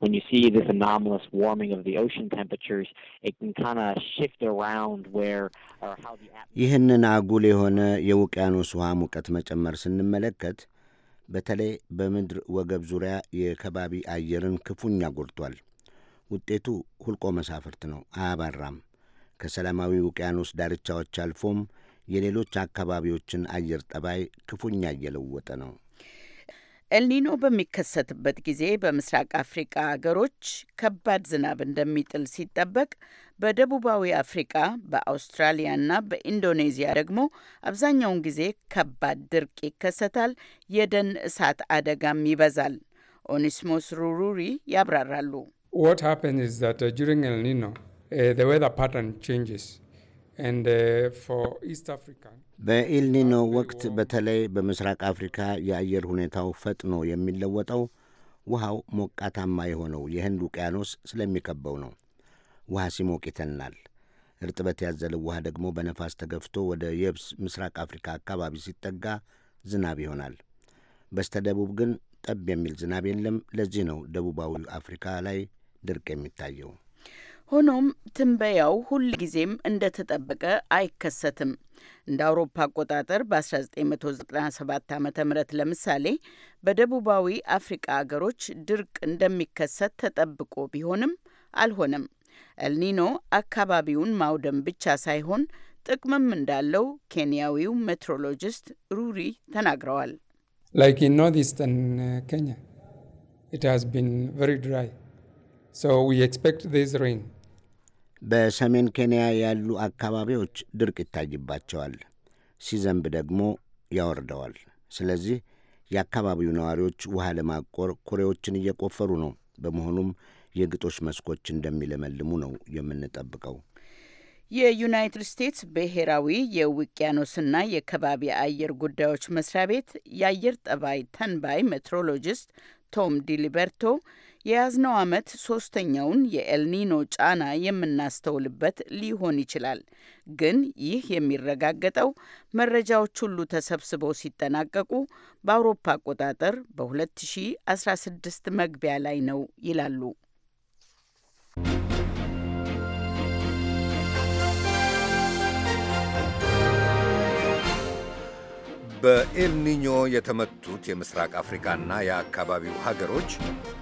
when you see this anomalous warming of the ocean temperatures, it can kind of shift around where or how the atmosphere ይህንን አጉል የሆነ የውቅያኖስ ውሃ ሙቀት መጨመር ስንመለከት በተለይ በምድር ወገብ ዙሪያ የከባቢ አየርን ክፉኛ ጎድቷል። ውጤቱ ሁልቆ መሳፍርት ነው። አያባራም። ከሰላማዊ ውቅያኖስ ዳርቻዎች አልፎም የሌሎች አካባቢዎችን አየር ጠባይ ክፉኛ እየለወጠ ነው። ኤልኒኖ በሚከሰትበት ጊዜ በምስራቅ አፍሪቃ አገሮች ከባድ ዝናብ እንደሚጥል ሲጠበቅ በደቡባዊ አፍሪቃ በአውስትራሊያና በኢንዶኔዚያ ደግሞ አብዛኛውን ጊዜ ከባድ ድርቅ ይከሰታል። የደን እሳት አደጋም ይበዛል። ኦኒስሞስ ሩሩሪ ያብራራሉ። What happened is that uh, during El Nino, uh, the weather pattern changes. Uh, በኤልኒኖ ወቅት በተለይ በምስራቅ አፍሪካ የአየር ሁኔታው ፈጥኖ የሚለወጠው ውሃው ሞቃታማ የሆነው የህንድ ውቅያኖስ ስለሚከበው ነው። ውሃ ሲሞቅ ይተናል። እርጥበት ያዘለው ውሃ ደግሞ በነፋስ ተገፍቶ ወደ የብስ ምስራቅ አፍሪካ አካባቢ ሲጠጋ ዝናብ ይሆናል። በስተ ደቡብ ግን ጠብ የሚል ዝናብ የለም። ለዚህ ነው ደቡባዊ አፍሪካ ላይ ድርቅ የሚታየው። ሆኖም ትንበያው ጊዜም እንደተጠበቀ አይከሰትም። እንደ አውሮፓ አቆጣጠር በ1997 ዓ ም ለምሳሌ በደቡባዊ አፍሪቃ አገሮች ድርቅ እንደሚከሰት ተጠብቆ ቢሆንም አልሆነም። ኤልኒኖ አካባቢውን ማውደም ብቻ ሳይሆን ጥቅምም እንዳለው ኬንያዊው ሜትሮሎጂስት ሩሪ ተናግረዋል። ላይክ ኢን ኖርዝ ኢስተርን ኬንያ ኢት ሃዝ ቢን ቨሪ ድራይ ሶ ዊ ኤክስፔክት ዚስ በሰሜን ኬንያ ያሉ አካባቢዎች ድርቅ ይታይባቸዋል፣ ሲዘንብ ደግሞ ያወርደዋል። ስለዚህ የአካባቢው ነዋሪዎች ውሃ ለማቆር ኩሬዎችን እየቆፈሩ ነው። በመሆኑም የግጦሽ መስኮች እንደሚለመልሙ ነው የምንጠብቀው። የዩናይትድ ስቴትስ ብሔራዊ የውቅያኖስና የከባቢ አየር ጉዳዮች መስሪያ ቤት የአየር ጠባይ ተንባይ ሜትሮሎጂስት ቶም ዲሊበርቶ የያዝነው ዓመት ሶስተኛውን የኤልኒኖ ጫና የምናስተውልበት ሊሆን ይችላል። ግን ይህ የሚረጋገጠው መረጃዎች ሁሉ ተሰብስበው ሲጠናቀቁ በአውሮፓ አቆጣጠር በ2016 መግቢያ ላይ ነው ይላሉ በኤልኒኞ የተመቱት የምስራቅ አፍሪካና የአካባቢው ሀገሮች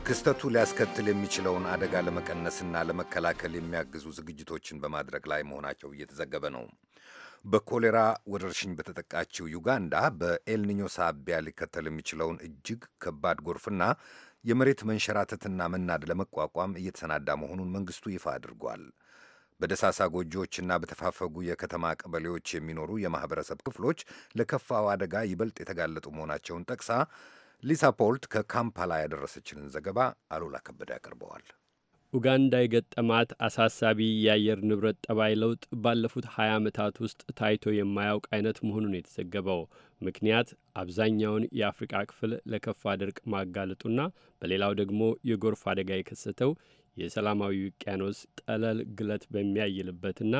ክስተቱ ሊያስከትል የሚችለውን አደጋ ለመቀነስና ለመከላከል የሚያግዙ ዝግጅቶችን በማድረግ ላይ መሆናቸው እየተዘገበ ነው። በኮሌራ ወረርሽኝ በተጠቃችው ዩጋንዳ በኤልኒኞ ሳቢያ ሊከተል የሚችለውን እጅግ ከባድ ጎርፍና የመሬት መንሸራተትና መናድ ለመቋቋም እየተሰናዳ መሆኑን መንግስቱ ይፋ አድርጓል። በደሳሳ ጎጆዎችና በተፋፈጉ የከተማ ቀበሌዎች የሚኖሩ የማኅበረሰብ ክፍሎች ለከፋው አደጋ ይበልጥ የተጋለጡ መሆናቸውን ጠቅሳ ሊሳ ፖልት ከካምፓላ ያደረሰችንን ዘገባ አሉላ ከበደ ያቀርበዋል። ኡጋንዳ የገጠማት አሳሳቢ የአየር ንብረት ጠባይ ለውጥ ባለፉት 20 ዓመታት ውስጥ ታይቶ የማያውቅ አይነት መሆኑን የተዘገበው ምክንያት አብዛኛውን የአፍሪቃ ክፍል ለከፋ ድርቅ ማጋለጡና በሌላው ደግሞ የጎርፍ አደጋ የከሰተው የሰላማዊ ውቅያኖስ ጠለል ግለት በሚያይልበትና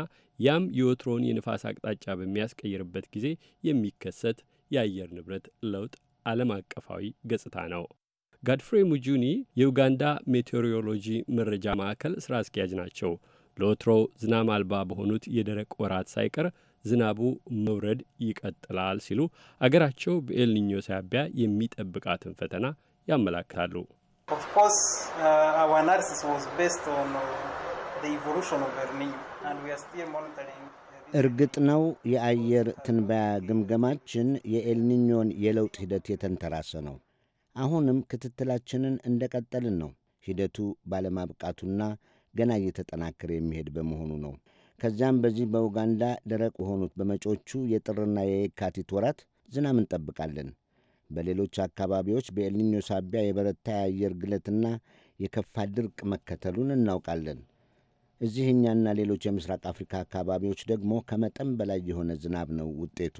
ያም የወትሮውን የንፋስ አቅጣጫ በሚያስቀይርበት ጊዜ የሚከሰት የአየር ንብረት ለውጥ ዓለም አቀፋዊ ገጽታ ነው። ጋድፍሬ ሙጁኒ የኡጋንዳ ሜቴዎሮሎጂ መረጃ ማዕከል ሥራ አስኪያጅ ናቸው። ለወትሮው ዝናብ አልባ በሆኑት የደረቅ ወራት ሳይቀር ዝናቡ መውረድ ይቀጥላል ሲሉ አገራቸው በኤልኒኞ ሳቢያ የሚጠብቃትን ፈተና ያመላክታሉ። Of course, uh, our analysis was based on uh, the evolution of El Nino and we are still monitoring uh, እርግጥ ነው የአየር ትንበያ ግምገማችን የኤልኒኞን የለውጥ ሂደት የተንተራሰ ነው። አሁንም ክትትላችንን እንደቀጠልን ነው። ሂደቱ ባለማብቃቱና ገና እየተጠናከረ የሚሄድ በመሆኑ ነው። ከዚያም በዚህ በኡጋንዳ ደረቅ የሆኑት በመጪዎቹ የጥርና የየካቲት ወራት ዝናብ እንጠብቃለን። በሌሎች አካባቢዎች በኤልኒኞ ሳቢያ የበረታ የአየር ግለትና የከፋ ድርቅ መከተሉን እናውቃለን። እዚህ እኛና ሌሎች የምስራቅ አፍሪካ አካባቢዎች ደግሞ ከመጠን በላይ የሆነ ዝናብ ነው ውጤቱ።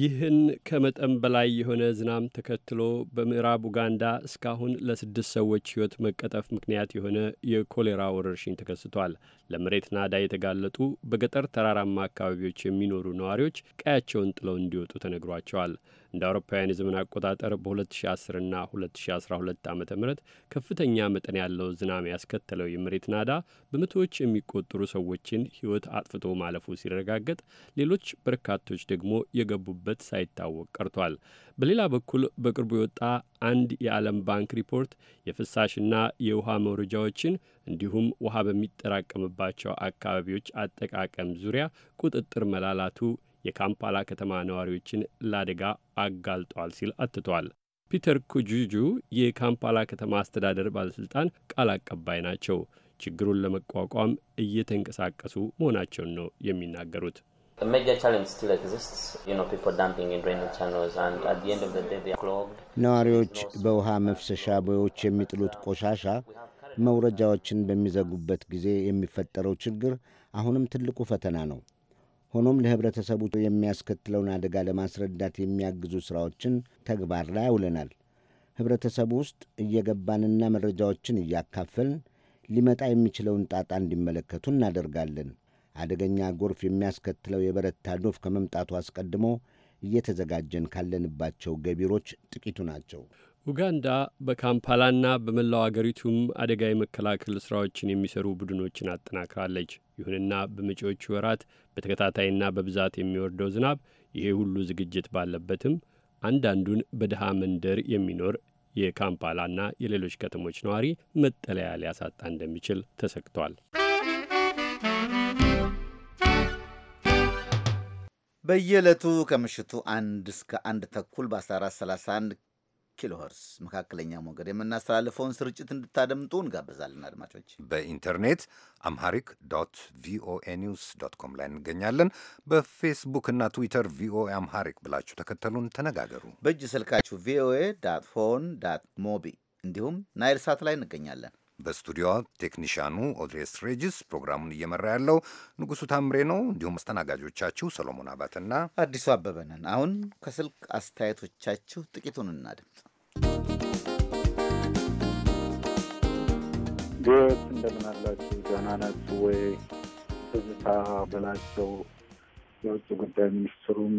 ይህን ከመጠን በላይ የሆነ ዝናብ ተከትሎ በምዕራብ ኡጋንዳ እስካሁን ለስድስት ሰዎች ሕይወት መቀጠፍ ምክንያት የሆነ የኮሌራ ወረርሽኝ ተከስቷል። ለመሬት ናዳ የተጋለጡ በገጠር ተራራማ አካባቢዎች የሚኖሩ ነዋሪዎች ቀያቸውን ጥለው እንዲወጡ ተነግሯቸዋል። እንደ አውሮፓውያን የዘመን አቆጣጠር በ2010 ና 2012 ዓ ም ከፍተኛ መጠን ያለው ዝናም ያስከተለው የመሬት ናዳ በመቶዎች የሚቆጠሩ ሰዎችን ሕይወት አጥፍቶ ማለፉ ሲረጋገጥ፣ ሌሎች በርካቶች ደግሞ የገቡበት ሳይታወቅ ቀርቷል። በሌላ በኩል በቅርቡ የወጣ አንድ የዓለም ባንክ ሪፖርት የፍሳሽና የውሃ መውረጃዎችን እንዲሁም ውሃ በሚጠራቀምባቸው አካባቢዎች አጠቃቀም ዙሪያ ቁጥጥር መላላቱ የካምፓላ ከተማ ነዋሪዎችን ለአደጋ አጋልጧል ሲል አትቷል። ፒተር ኩጁጁ የካምፓላ ከተማ አስተዳደር ባለሥልጣን ቃል አቀባይ ናቸው። ችግሩን ለመቋቋም እየተንቀሳቀሱ መሆናቸውን ነው የሚናገሩት። The major challenge still exists, you know, people dumping in drainage channels and at the end of the day they are clogged. ነዋሪዎች በውሃ መፍሰሻ ቦዮች የሚጥሉት ቆሻሻ መውረጃዎችን በሚዘጉበት ጊዜ የሚፈጠረው ችግር አሁንም ትልቁ ፈተና ነው። ሆኖም ለህብረተሰቡ የሚያስከትለውን አደጋ ለማስረዳት የሚያግዙ ሥራዎችን ተግባር ላይ አውለናል። ህብረተሰቡ ውስጥ እየገባንና መረጃዎችን እያካፈልን ሊመጣ የሚችለውን ጣጣ እንዲመለከቱ እናደርጋለን። አደገኛ ጎርፍ የሚያስከትለው የበረታ ዶፍ ከመምጣቱ አስቀድሞ እየተዘጋጀን ካለንባቸው ገቢሮች ጥቂቱ ናቸው። ኡጋንዳ በካምፓላና በመላው አገሪቱም አደጋ የመከላከል ስራዎችን የሚሰሩ ቡድኖችን አጠናክራለች። ይሁንና በመጪዎቹ ወራት በተከታታይና በብዛት የሚወርደው ዝናብ ይሄ ሁሉ ዝግጅት ባለበትም አንዳንዱን በድሃ መንደር የሚኖር የካምፓላና የሌሎች ከተሞች ነዋሪ መጠለያ ሊያሳጣ እንደሚችል ተሰግቷል። በየዕለቱ ከምሽቱ አንድ እስከ አንድ ተኩል በ1431 ኪሎ መካከለኛ ሞገድ የምናስተላልፈውን ስርጭት እንድታደምጡ እንጋብዛለን። አድማጮች በኢንተርኔት አምሃሪክ ዶት ቪኦኤ ኒውስ ዶት ኮም ላይ እንገኛለን። በፌስቡክ እና ትዊተር ቪኦኤ አምሃሪክ ብላችሁ ተከተሉን፣ ተነጋገሩ። በእጅ ስልካችሁ ቪኦኤ ዳት ሆን ዳት ሞቢ እንዲሁም ናይል ሳት ላይ እንገኛለን። በስቱዲዮዋ ቴክኒሽያኑ ኦድሬስ ሬጅስ፣ ፕሮግራሙን እየመራ ያለው ንጉሱ ታምሬ ነው። እንዲሁም አስተናጋጆቻችሁ ሰሎሞን አባትና አዲሱ አበበንን። አሁን ከስልክ አስተያየቶቻችሁ ጥቂቱን እናድምጥ። ዲወት እንደምን አላችሁ? ደህና ናችሁ ወይ? ትዝታ በላቸው የውጭ ጉዳይ ሚኒስትሩን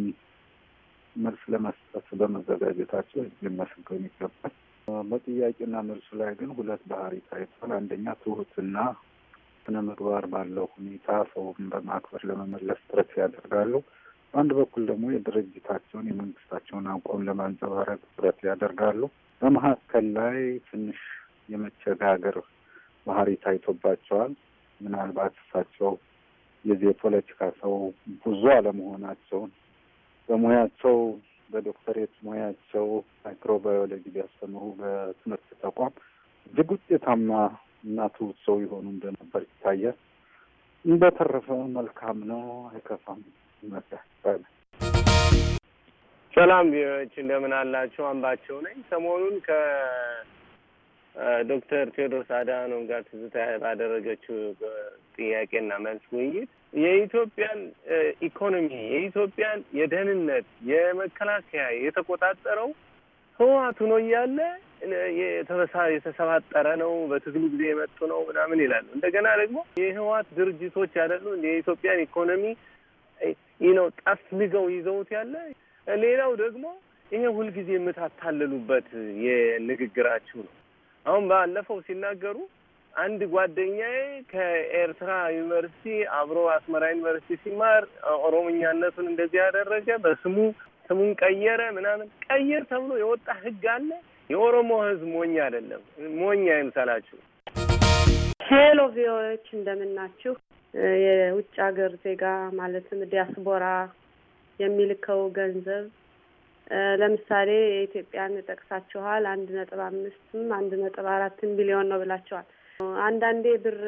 መልስ ለመስጠት በመዘጋጀታቸው እጅግ መሰገን ይገባል። በጥያቄና መልሱ ላይ ግን ሁለት ባህሪ ታይቷል። አንደኛ ትሁትና ስነ ምግባር ባለው ሁኔታ ሰውን በማክበር ለመመለስ ጥረት ያደርጋሉ። በአንድ በኩል ደግሞ የድርጅታቸውን የመንግስታቸውን አቋም ለማንጸባረቅ ጥረት ያደርጋሉ። በመካከል ላይ ትንሽ የመቸጋገር ባህሪ ታይቶባቸዋል። ምናልባት እሳቸው የዚህ የፖለቲካ ሰው ብዙ አለመሆናቸውን በሙያቸው በዶክተሬት ሙያቸው ማይክሮባዮሎጂ ቢያስተምሩ በትምህርት ተቋም እጅግ ውጤታማ እና ትውት ሰው የሆኑ እንደነበር ይታያል። እንደተረፈ መልካም ነው፣ አይከፋም። ይመጣል። ሰላም ቢዎች እንደምን አላችሁ? አምባቸው ነኝ። ሰሞኑን ከ ዶክተር ቴዎድሮስ አድሃኖም ጋር ትዝታ ባደረገችው ጥያቄና መልስ ውይይት የኢትዮጵያን ኢኮኖሚ የኢትዮጵያን የደህንነት የመከላከያ የተቆጣጠረው ህወሓት ነው እያለ የተሰባጠረ ነው፣ በትግሉ ጊዜ የመጡ ነው ምናምን ይላሉ። እንደገና ደግሞ የህወሓት ድርጅቶች ያደሉ የኢትዮጵያን ኢኮኖሚ ነው ጠፍልገው ይዘውት ያለ። ሌላው ደግሞ ይሄ ሁልጊዜ የምታታልሉበት የንግግራችሁ ነው። አሁን ባለፈው ሲናገሩ አንድ ጓደኛዬ ከኤርትራ ዩኒቨርሲቲ አብሮ አስመራ ዩኒቨርሲቲ ሲማር ኦሮምኛነቱን እንደዚህ ያደረገ በስሙ ስሙን ቀየረ ምናምን ቀይር ተብሎ የወጣ ህግ አለ። የኦሮሞ ህዝብ ሞኝ አይደለም። ሞኝ አይምሰላችሁ። ሄሎ ቪዎች እንደምናችሁ። የውጭ ሀገር ዜጋ ማለትም ዲያስፖራ የሚልከው ገንዘብ ለምሳሌ የኢትዮጵያን ጠቅሳችኋል። አንድ ነጥብ አምስትም አንድ ነጥብ አራትም ቢሊዮን ነው ብላችኋል። አንዳንዴ ብር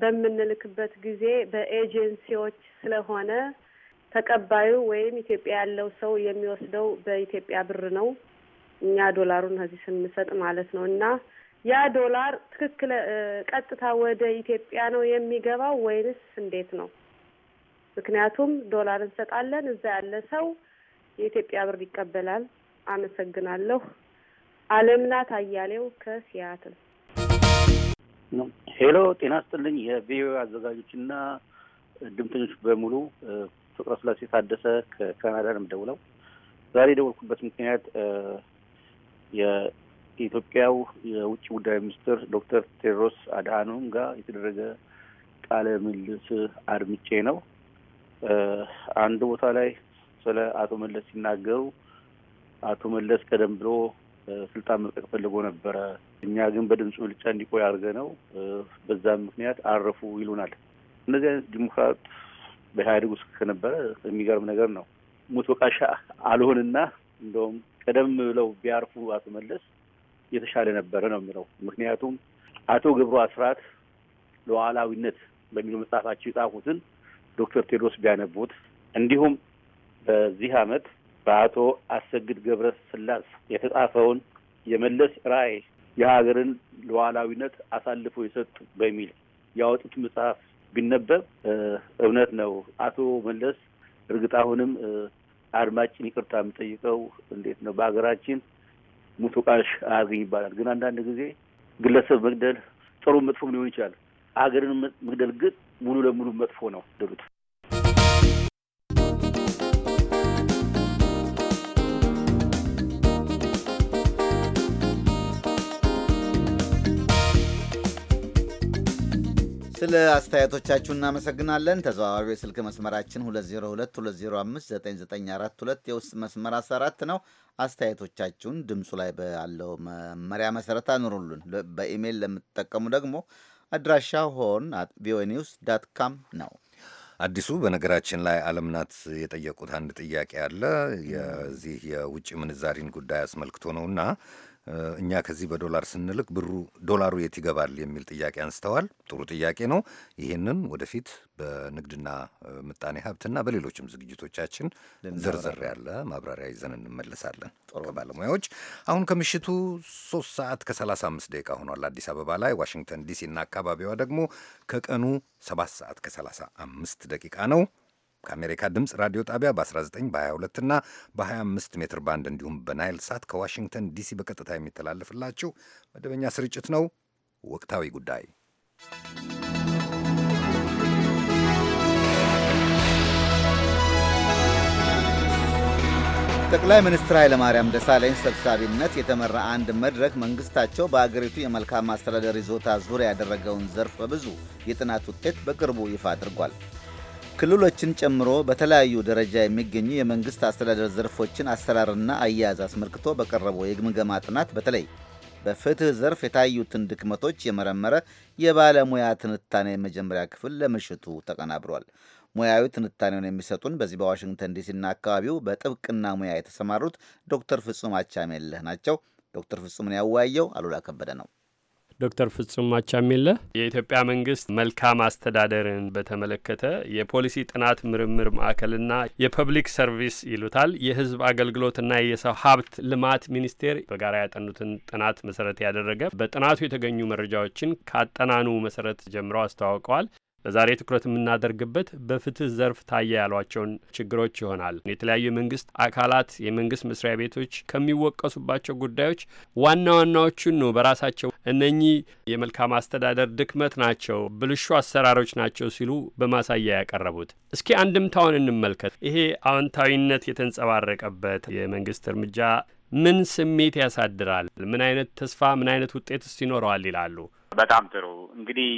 በምንልክበት ጊዜ በኤጀንሲዎች ስለሆነ ተቀባዩ ወይም ኢትዮጵያ ያለው ሰው የሚወስደው በኢትዮጵያ ብር ነው። እኛ ዶላሩን ከዚህ ስንሰጥ ማለት ነው እና ያ ዶላር ትክክለ ቀጥታ ወደ ኢትዮጵያ ነው የሚገባው ወይንስ እንዴት ነው? ምክንያቱም ዶላር እንሰጣለን እዛ ያለ ሰው የኢትዮጵያ ብር ይቀበላል። አመሰግናለሁ። አለምናት አያሌው ከሲያትል ሄሎ፣ ጤና ስጥልኝ የቪኦኤ አዘጋጆችና ድምተኞች በሙሉ ፍቅረ ስላሴ ታደሰ ከካናዳ ነው የምደውለው። ዛሬ የደወልኩበት ምክንያት የኢትዮጵያው የውጭ ጉዳይ ሚኒስትር ዶክተር ቴድሮስ አድሃኖም ጋር የተደረገ ቃለ ምልልስ አድምጬ ነው። አንድ ቦታ ላይ ስለ አቶ መለስ ሲናገሩ አቶ መለስ ቀደም ብሎ ስልጣን መልቀቅ ፈልጎ ነበረ፣ እኛ ግን በድምፅ ብልጫ እንዲቆይ አድርገ ነው፣ በዛም ምክንያት አረፉ ይሉናል። እነዚህ አይነት ዲሞክራት በኢህአዴግ ውስጥ ከነበረ የሚገርም ነገር ነው። ሙት በቃሻ አልሆንና እንደውም ቀደም ብለው ቢያርፉ አቶ መለስ የተሻለ ነበረ ነው የሚለው። ምክንያቱም አቶ ገብሩ አስራት ሉዓላዊነት በሚለው መጽሐፋቸው የጻፉትን ዶክተር ቴዎድሮስ ቢያነቡት እንዲሁም በዚህ አመት በአቶ አሰግድ ገብረ ስላስ የተጻፈውን የመለስ ራዕይ የሀገርን ሉዓላዊነት አሳልፎ የሰጡ በሚል ያወጡት መጽሐፍ ቢነበብ እውነት ነው። አቶ መለስ እርግጥ አሁንም አድማጭን ይቅርታ የምጠይቀው እንዴት ነው በሀገራችን ሙት ወቃሽ አያግኝ ይባላል። ግን አንዳንድ ጊዜ ግለሰብ መግደል ጥሩ መጥፎም ሊሆን ይችላል። አገርን መግደል ግን ሙሉ ለሙሉ መጥፎ ነው ድሉት ስለ አስተያየቶቻችሁ እናመሰግናለን። ተዘዋዋሪ የስልክ መስመራችን 2022059942 የውስጥ መስመር 14 ነው። አስተያየቶቻችሁን ድምፁ ላይ ባለው መመሪያ መሰረት አኑሩልን። በኢሜይል ለምትጠቀሙ ደግሞ አድራሻ ሆን አት ቪኦኤ ኒውስ ዳት ካም ነው። አዲሱ በነገራችን ላይ አለምናት የጠየቁት አንድ ጥያቄ አለ የዚህ የውጭ ምንዛሪን ጉዳይ አስመልክቶ ነውና እኛ ከዚህ በዶላር ስንልክ ብሩ ዶላሩ የት ይገባል የሚል ጥያቄ አንስተዋል። ጥሩ ጥያቄ ነው። ይህንን ወደፊት በንግድና ምጣኔ ሀብትና በሌሎችም ዝግጅቶቻችን ዝርዝር ያለ ማብራሪያ ይዘን እንመለሳለን ባለሙያዎች። አሁን ከምሽቱ ሶስት ሰዓት ከ35 ደቂቃ ሆኗል አዲስ አበባ ላይ። ዋሽንግተን ዲሲ እና አካባቢዋ ደግሞ ከቀኑ ሰባት ሰዓት ከሰላሳ 35 ደቂቃ ነው። ከአሜሪካ ድምፅ ራዲዮ ጣቢያ በ19 በ22 እና በ25 ሜትር ባንድ እንዲሁም በናይል ሳት ከዋሽንግተን ዲሲ በቀጥታ የሚተላለፍላችሁ መደበኛ ስርጭት ነው። ወቅታዊ ጉዳይ ጠቅላይ ሚኒስትር ኃይለማርያም ደሳለኝ ሰብሳቢነት የተመራ አንድ መድረክ መንግስታቸው በአገሪቱ የመልካም አስተዳደር ይዞታ ዙሪያ ያደረገውን ዘርፍ በብዙ የጥናት ውጤት በቅርቡ ይፋ አድርጓል። ክልሎችን ጨምሮ በተለያዩ ደረጃ የሚገኙ የመንግስት አስተዳደር ዘርፎችን አሰራርና አያያዝ አስመልክቶ በቀረበው የግምገማ ጥናት በተለይ በፍትህ ዘርፍ የታዩትን ድክመቶች የመረመረ የባለሙያ ትንታኔ መጀመሪያ ክፍል ለምሽቱ ተቀናብሯል። ሙያዊ ትንታኔውን የሚሰጡን በዚህ በዋሽንግተን ዲሲና አካባቢው በጥብቅና ሙያ የተሰማሩት ዶክተር ፍጹም አቻሜለህ ናቸው። ዶክተር ፍጹምን ያወያየው አሉላ ከበደ ነው። ዶክተር ፍጹም ማቻሜለህ የኢትዮጵያ መንግስት መልካም አስተዳደርን በተመለከተ የፖሊሲ ጥናት ምርምር ማዕከልና የፐብሊክ ሰርቪስ ይሉታል የህዝብ አገልግሎትና የሰው ሀብት ልማት ሚኒስቴር በጋራ ያጠኑትን ጥናት መሰረት ያደረገ በጥናቱ የተገኙ መረጃዎችን ከአጠናኑ መሰረት ጀምረው አስተዋውቀዋል። በዛሬ ትኩረት የምናደርግበት በፍትህ ዘርፍ ታየ ያሏቸውን ችግሮች ይሆናል። የተለያዩ የመንግስት አካላት የመንግስት መስሪያ ቤቶች ከሚወቀሱባቸው ጉዳዮች ዋና ዋናዎቹን ነው። በራሳቸው እነኚህ የመልካም አስተዳደር ድክመት ናቸው፣ ብልሹ አሰራሮች ናቸው ሲሉ በማሳያ ያቀረቡት። እስኪ አንድምታውን እንመልከት። ይሄ አዎንታዊነት የተንጸባረቀበት የመንግስት እርምጃ ምን ስሜት ያሳድራል? ምን አይነት ተስፋ ምን አይነት ውጤትስ ይኖረዋል? ይላሉ። በጣም ጥሩ እንግዲህ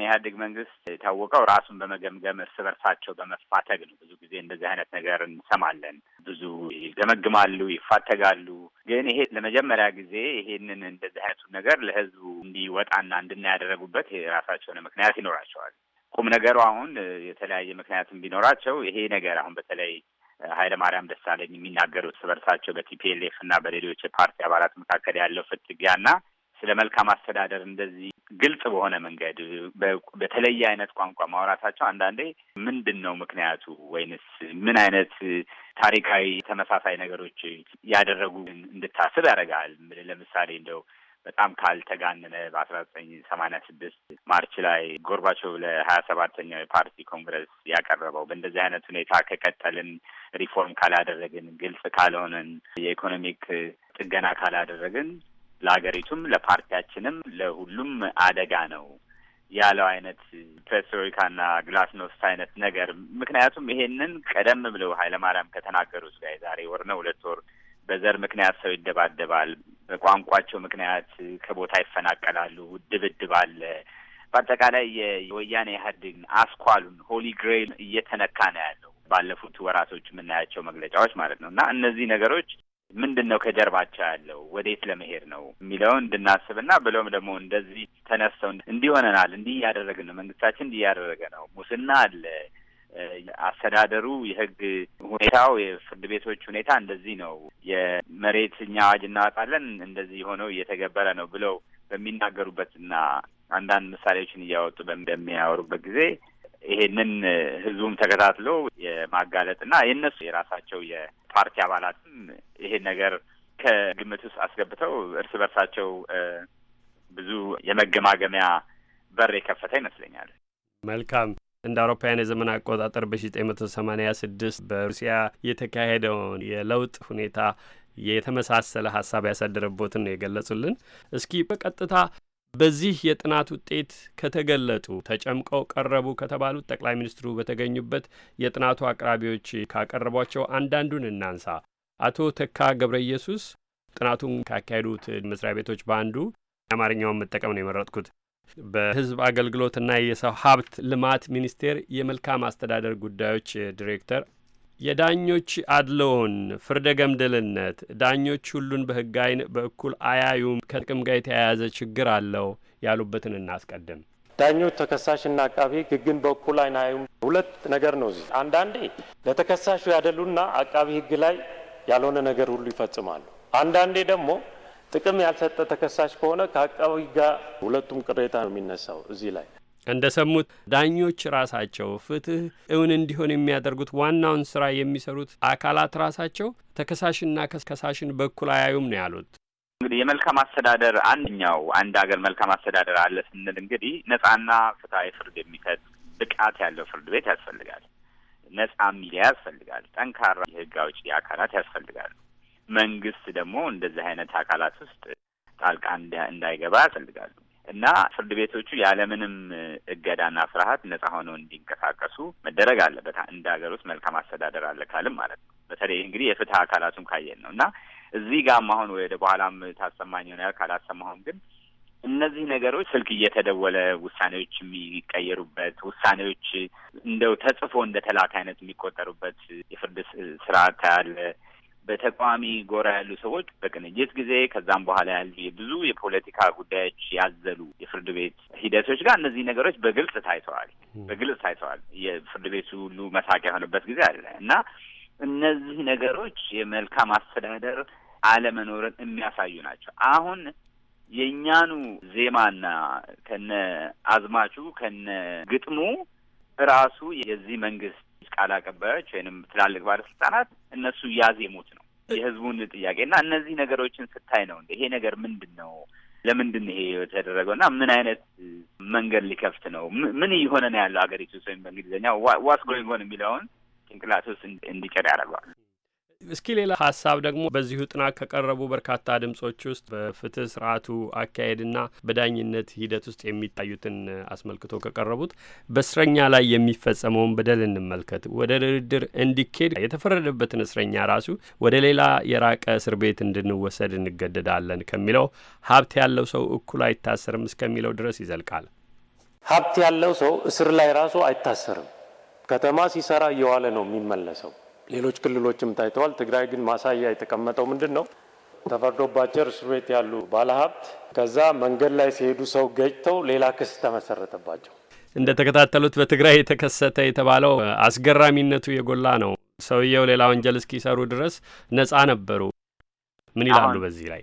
ኢህአዴግ መንግስት የታወቀው ራሱን በመገምገም እርስ በርሳቸው በመፋተግ ነው። ብዙ ጊዜ እንደዚህ አይነት ነገር እንሰማለን። ብዙ ይገመግማሉ፣ ይፋተጋሉ። ግን ይሄ ለመጀመሪያ ጊዜ ይሄንን እንደዚህ አይነቱን ነገር ለህዝቡ እንዲወጣና እንድናያደረጉበት የራሳቸውን ምክንያት ይኖራቸዋል። ቁም ነገሩ አሁን የተለያየ ምክንያትም ቢኖራቸው ይሄ ነገር አሁን በተለይ ኃይለ ማርያም ደሳለኝ የሚናገሩት ስበርሳቸው በቲፒኤልኤፍ እና በሌሎች የፓርቲ አባላት መካከል ያለው ፍትጊያና ስለ መልካም አስተዳደር እንደዚህ ግልጽ በሆነ መንገድ በተለየ አይነት ቋንቋ ማውራታቸው አንዳንዴ ምንድን ነው ምክንያቱ ወይንስ ምን አይነት ታሪካዊ ተመሳሳይ ነገሮች ያደረጉ እንድታስብ ያደርጋል። ለምሳሌ እንደው በጣም ካልተጋነነ በአስራ ዘጠኝ ሰማኒያ ስድስት ማርች ላይ ጎርባቾቭ ለሀያ ሰባተኛው የፓርቲ ኮንግረስ ያቀረበው በእንደዚህ አይነት ሁኔታ ከቀጠልን፣ ሪፎርም ካላደረግን፣ ግልጽ ካልሆነን፣ የኢኮኖሚክ ጥገና ካላደረግን ለሀገሪቱም ለፓርቲያችንም ለሁሉም አደጋ ነው ያለው አይነት ፔስትሮይካና ግላስኖስት አይነት ነገር። ምክንያቱም ይሄንን ቀደም ብለው ኃይለማርያም ከተናገሩት ጋር የዛሬ ወር ነው ሁለት ወር በዘር ምክንያት ሰው ይደባደባል፣ በቋንቋቸው ምክንያት ከቦታ ይፈናቀላሉ። ድብድብ አለ። በአጠቃላይ የወያኔ ኢህአዴግ አስኳሉን ሆሊ ግሬል እየተነካ ነው ያለው ባለፉት ወራቶች የምናያቸው መግለጫዎች ማለት ነው እና እነዚህ ነገሮች ምንድን ነው ከጀርባቸው ያለው ወዴት ለመሄድ ነው የሚለውን እንድናስብና ብሎም ደግሞ እንደዚህ ተነስተው እንዲሆነናል እንዲህ እያደረግን ነው፣ መንግስታችን እንዲህ እያደረገ ነው፣ ሙስና አለ አስተዳደሩ የህግ ሁኔታው የፍርድ ቤቶች ሁኔታ እንደዚህ ነው፣ የመሬት እኛ አዋጅ እናወጣለን እንደዚህ ሆነው እየተገበረ ነው ብለው በሚናገሩበትና አንዳንድ ምሳሌዎችን እያወጡ በሚያወሩበት ጊዜ ይሄንን ህዝቡም ተከታትሎ የማጋለጥና የእነሱ የራሳቸው የፓርቲ አባላትም ይሄን ነገር ከግምት ውስጥ አስገብተው እርስ በርሳቸው ብዙ የመገማገሚያ በር የከፈተ ይመስለኛል። መልካም እንደ አውሮፓውያን የዘመን አቆጣጠር በ1986 በሩሲያ የተካሄደውን የለውጥ ሁኔታ የተመሳሰለ ሀሳብ ያሳደረቦትን ነው የገለጹልን። እስኪ በቀጥታ በዚህ የጥናት ውጤት ከተገለጡ ተጨምቀው ቀረቡ ከተባሉት ጠቅላይ ሚኒስትሩ በተገኙበት የጥናቱ አቅራቢዎች ካቀረቧቸው አንዳንዱን እናንሳ። አቶ ተካ ገብረ ኢየሱስ ጥናቱን ካካሄዱት መስሪያ ቤቶች በአንዱ የአማርኛውን መጠቀም ነው የመረጥኩት በህዝብ አገልግሎትና የሰው ሀብት ልማት ሚኒስቴር የመልካም አስተዳደር ጉዳዮች ዲሬክተር የዳኞች አድለውን ፍርደ ገምድልነት፣ ዳኞች ሁሉን በሕግ አይን በእኩል አያዩም፣ ከጥቅም ጋር የተያያዘ ችግር አለው ያሉበትን እናስቀድም። ዳኞች ተከሳሽና አቃቢ ህግን በእኩል አይን አያዩም። ሁለት ነገር ነው እዚህ። አንዳንዴ ለተከሳሹ ያደሉና አቃቢ ህግ ላይ ያልሆነ ነገር ሁሉ ይፈጽማሉ። አንዳንዴ ደግሞ ጥቅም ያልሰጠ ተከሳሽ ከሆነ ከአቃቢ ጋር ሁለቱም ቅሬታ ነው የሚነሳው እዚህ ላይ እንደ ሰሙት ዳኞች ራሳቸው ፍትህ እውን እንዲሆን የሚያደርጉት ዋናውን ስራ የሚሰሩት አካላት ራሳቸው ተከሳሽና ከከሳሽን በኩል አያዩም ነው ያሉት። እንግዲህ የመልካም አስተዳደር አንደኛው አንድ ሀገር መልካም አስተዳደር አለ ስንል እንግዲህ ነጻና ፍትሀዊ ፍርድ የሚሰጥ ብቃት ያለው ፍርድ ቤት ያስፈልጋል። ነጻ ሚዲያ ያስፈልጋል። ጠንካራ የህግ አውጪ አካላት ያስፈልጋሉ። መንግስት ደግሞ እንደዚህ አይነት አካላት ውስጥ ጣልቃ እንዳይገባ ያስፈልጋሉ እና ፍርድ ቤቶቹ ያለምንም እገዳና ፍርሀት ነጻ ሆነው እንዲንቀሳቀሱ መደረግ አለበት። እንደ ሀገር ውስጥ መልካም አስተዳደር አለ ካልም ማለት ነው። በተለይ እንግዲህ የፍትህ አካላቱም ካየን ነው እና እዚህ ጋርም አሁን ወደ በኋላም ታሰማኝ ይሆናል ካላሰማሁም ግን እነዚህ ነገሮች ስልክ እየተደወለ ውሳኔዎች የሚቀየሩበት ውሳኔዎች እንደው ተጽፎ እንደ ተላክ አይነት የሚቆጠሩበት የፍርድ ስርዓት ያለ በተቃዋሚ ጎራ ያሉ ሰዎች በቅንጅት ጊዜ ከዛም በኋላ ያሉ የብዙ የፖለቲካ ጉዳዮች ያዘሉ የፍርድ ቤት ሂደቶች ጋር እነዚህ ነገሮች በግልጽ ታይተዋል፣ በግልጽ ታይተዋል። የፍርድ ቤቱ ሁሉ መሳቂያ የሆነበት ጊዜ አለ እና እነዚህ ነገሮች የመልካም አስተዳደር አለመኖርን የሚያሳዩ ናቸው። አሁን የእኛኑ ዜማና ከነ አዝማቹ ከነ ግጥሙ ራሱ የዚህ መንግስት ቃል አቀባዮች ወይንም ትላልቅ ባለስልጣናት እነሱ ያዜሙት ነው የህዝቡን ጥያቄ እና እነዚህ ነገሮችን ስታይ ነው ይሄ ነገር ምንድን ነው ለምንድን ይሄ የተደረገው እና ምን አይነት መንገድ ሊከፍት ነው ምን እየሆነ ነው ያለው ሀገሪቱ ውስጥ ወይም በእንግሊዝኛ ዋስ ጎይንጎን የሚለውን ጭንቅላት ውስጥ እንዲቀር ያደርገዋል። እስኪ ሌላ ሀሳብ ደግሞ በዚሁ ጥናት ከቀረቡ በርካታ ድምጾች ውስጥ በፍትህ ስርዓቱ አካሄድና በዳኝነት ሂደት ውስጥ የሚታዩትን አስመልክቶ ከቀረቡት በእስረኛ ላይ የሚፈጸመውን በደል እንመልከት። ወደ ድርድር እንዲኬድ የተፈረደበትን እስረኛ ራሱ ወደ ሌላ የራቀ እስር ቤት እንድንወሰድ እንገደዳለን ከሚለው ሀብት ያለው ሰው እኩል አይታሰርም እስከሚለው ድረስ ይዘልቃል። ሀብት ያለው ሰው እስር ላይ ራሱ አይታሰርም። ከተማ ሲሰራ እየዋለ ነው የሚመለሰው ሌሎች ክልሎችም ታይተዋል። ትግራይ ግን ማሳያ የተቀመጠው ምንድን ነው? ተፈርዶባቸው እስር ቤት ያሉ ባለሀብት ከዛ መንገድ ላይ ሲሄዱ ሰው ገጭተው ሌላ ክስ ተመሰረተባቸው። እንደ ተከታተሉት በትግራይ የተከሰተ የተባለው አስገራሚነቱ የጎላ ነው። ሰውየው ሌላ ወንጀል እስኪሰሩ ድረስ ነጻ ነበሩ። ምን ይላሉ በዚህ ላይ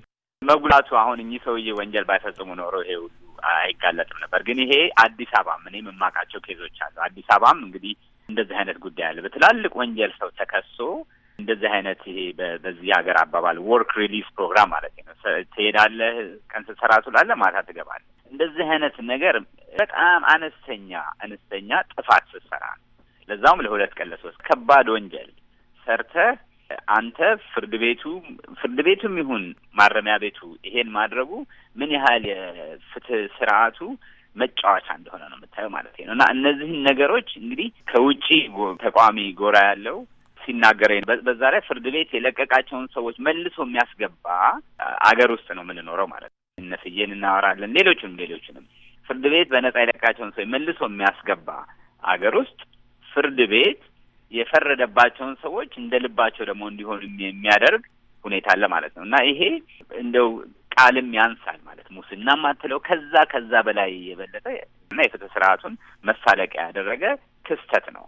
መጉላቱ? አሁን እኚህ ሰውዬ ወንጀል ባይፈጽሙ ኖሮ ይሄ ሁሉ አይጋለጥም ነበር። ግን ይሄ አዲስ አበባም እኔም የማውቃቸው ኬዞች አሉ። አዲስ አበባም እንግዲህ እንደዚህ አይነት ጉዳይ አለ። በትላልቅ ወንጀል ሰው ተከሶ እንደዚህ አይነት ይሄ በዚህ ሀገር አባባል ወርክ ሪሊስ ፕሮግራም ማለት ነው። ትሄዳለህ፣ ቀን ስትሰራ ትውላለህ፣ ማታ ትገባለህ። እንደዚህ አይነት ነገር በጣም አነስተኛ አነስተኛ ጥፋት ስትሰራ ለዛውም ለሁለት ቀን ለሶስት ከባድ ወንጀል ሰርተህ አንተ ፍርድ ቤቱ ፍርድ ቤቱም ይሁን ማረሚያ ቤቱ ይሄን ማድረጉ ምን ያህል የፍትህ ስርዓቱ መጫወቻ እንደሆነ ነው የምታየው ማለት ነው። እና እነዚህን ነገሮች እንግዲህ ከውጪ ተቋሚ ጎራ ያለው ሲናገረ በዛ ላይ ፍርድ ቤት የለቀቃቸውን ሰዎች መልሶ የሚያስገባ አገር ውስጥ ነው የምንኖረው ማለት ነው። እነ እናወራለን፣ ሌሎችንም ሌሎችንም ፍርድ ቤት በነጻ የለቃቸውን ሰዎች መልሶ የሚያስገባ አገር ውስጥ ፍርድ ቤት የፈረደባቸውን ሰዎች እንደ ልባቸው ደግሞ እንዲሆኑ የሚያደርግ ሁኔታ አለ ማለት ነው እና ይሄ እንደው ቃልም ያንሳል ማለት ሙስና ማትለው ከዛ ከዛ በላይ የበለጠ እና የፍትህ ስርዓቱን መሳለቂያ ያደረገ ክስተት ነው።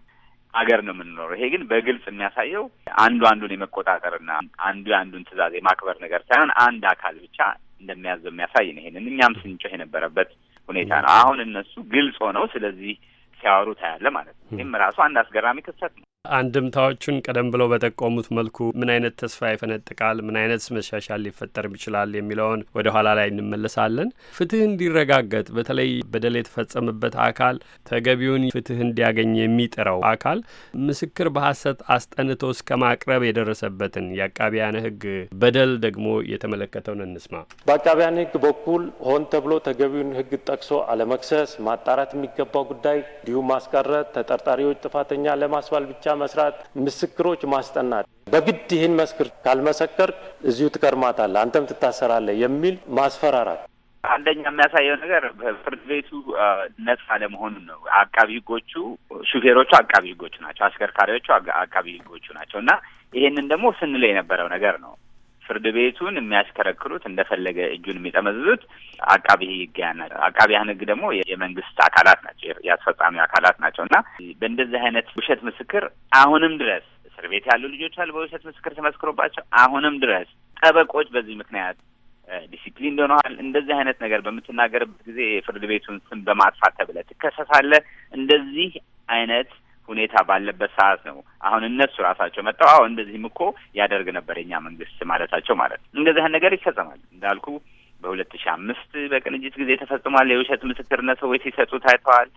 ሀገር ነው የምንኖረው። ይሄ ግን በግልጽ የሚያሳየው አንዱ አንዱን የመቆጣጠርና አንዱ የአንዱን ትዕዛዝ የማክበር ነገር ሳይሆን አንድ አካል ብቻ እንደሚያዘው የሚያሳይ ነው። ይሄንን እኛም ስንጮህ የነበረበት ሁኔታ ነው። አሁን እነሱ ግልጽ ሆነው ስለዚህ ሲያወሩ ታያለ ማለት ነው። ይህም ራሱ አንድ አስገራሚ ክስተት ነው። አንድምታዎቹን ቀደም ብለው በጠቆሙት መልኩ ምን አይነት ተስፋ ይፈነጥቃል፣ ምን አይነት መሻሻል ሊፈጠር ይችላል የሚለውን ወደ ኋላ ላይ እንመለሳለን። ፍትህ እንዲረጋገጥ በተለይ በደል የተፈጸመበት አካል ተገቢውን ፍትህ እንዲያገኝ የሚጥረው አካል ምስክር በሐሰት አስጠንቶ እስከ ማቅረብ የደረሰበትን የአቃቢያን ሕግ በደል ደግሞ የተመለከተውን እንስማ። በአቃቢያን ሕግ በኩል ሆን ተብሎ ተገቢውን ሕግ ጠቅሶ አለመክሰስ፣ ማጣራት የሚገባው ጉዳይ እንዲሁም ማስቀረት፣ ተጠርጣሪዎች ጥፋተኛ ለማስባል ብቻ መስራት፣ ምስክሮች ማስጠናት፣ በግድ ይህን መስክር ካልመሰከር እዚሁ ትከርማታለህ፣ አንተም ትታሰራለህ የሚል ማስፈራራት አንደኛ የሚያሳየው ነገር ፍርድ ቤቱ ነጻ ለመሆኑን ነው። አቃቢ ህጎቹ ሹፌሮቹ አቃቢ ህጎቹ ናቸው፣ አሽከርካሪዎቹ አቃቢ ህጎቹ ናቸው እና ይሄንን ደግሞ ስንል የነበረው ነገር ነው። ፍርድ ቤቱን የሚያሽከረክሩት እንደፈለገ እጁን የሚጠመዝዙት አቃቢ ህግ ያናል። አቃቢያን ህግ ደግሞ የመንግስት አካላት ናቸው፣ የአስፈጻሚ አካላት ናቸው እና በእንደዚህ አይነት ውሸት ምስክር አሁንም ድረስ እስር ቤት ያሉ ልጆች አሉ፣ በውሸት ምስክር ተመስክሮባቸው አሁንም ድረስ ጠበቆች በዚህ ምክንያት ዲሲፕሊን እንደሆነዋል። እንደዚህ አይነት ነገር በምትናገርበት ጊዜ የፍርድ ቤቱን ስም በማጥፋት ተብለህ ትከሰሳለህ። እንደዚህ አይነት ሁኔታ ባለበት ሰዓት ነው አሁን እነሱ ራሳቸው መጥተው አሁ እንደዚህም እኮ ያደርግ ነበር የኛ መንግስት ማለታቸው ማለት ነው። እንደዚህ ነገር ይፈጸማል እንዳልኩ በሁለት ሺ አምስት በቅንጅት ጊዜ ተፈጽሟል። የውሸት ምስክርነት ሰዎች ሲሰጡ ታይተዋል።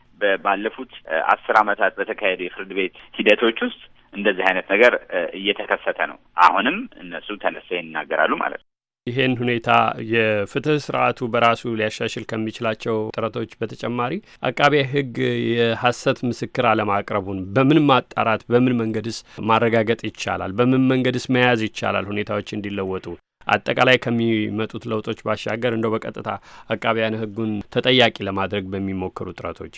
ባለፉት አስር አመታት በተካሄዱ የፍርድ ቤት ሂደቶች ውስጥ እንደዚህ አይነት ነገር እየተከሰተ ነው። አሁንም እነሱ ተነስተው ይናገራሉ ማለት ነው። ይሄን ሁኔታ የፍትህ ስርዓቱ በራሱ ሊያሻሽል ከሚችላቸው ጥረቶች በተጨማሪ አቃቤ ሕግ የሐሰት ምስክር አለማቅረቡን በምን ማጣራት በምን መንገድስ ማረጋገጥ ይቻላል? በምን መንገድስ መያዝ ይቻላል? ሁኔታዎች እንዲለወጡ አጠቃላይ ከሚመጡት ለውጦች ባሻገር እንደው በቀጥታ አቃቢያን ህጉን ተጠያቂ ለማድረግ በሚሞክሩ ጥረቶች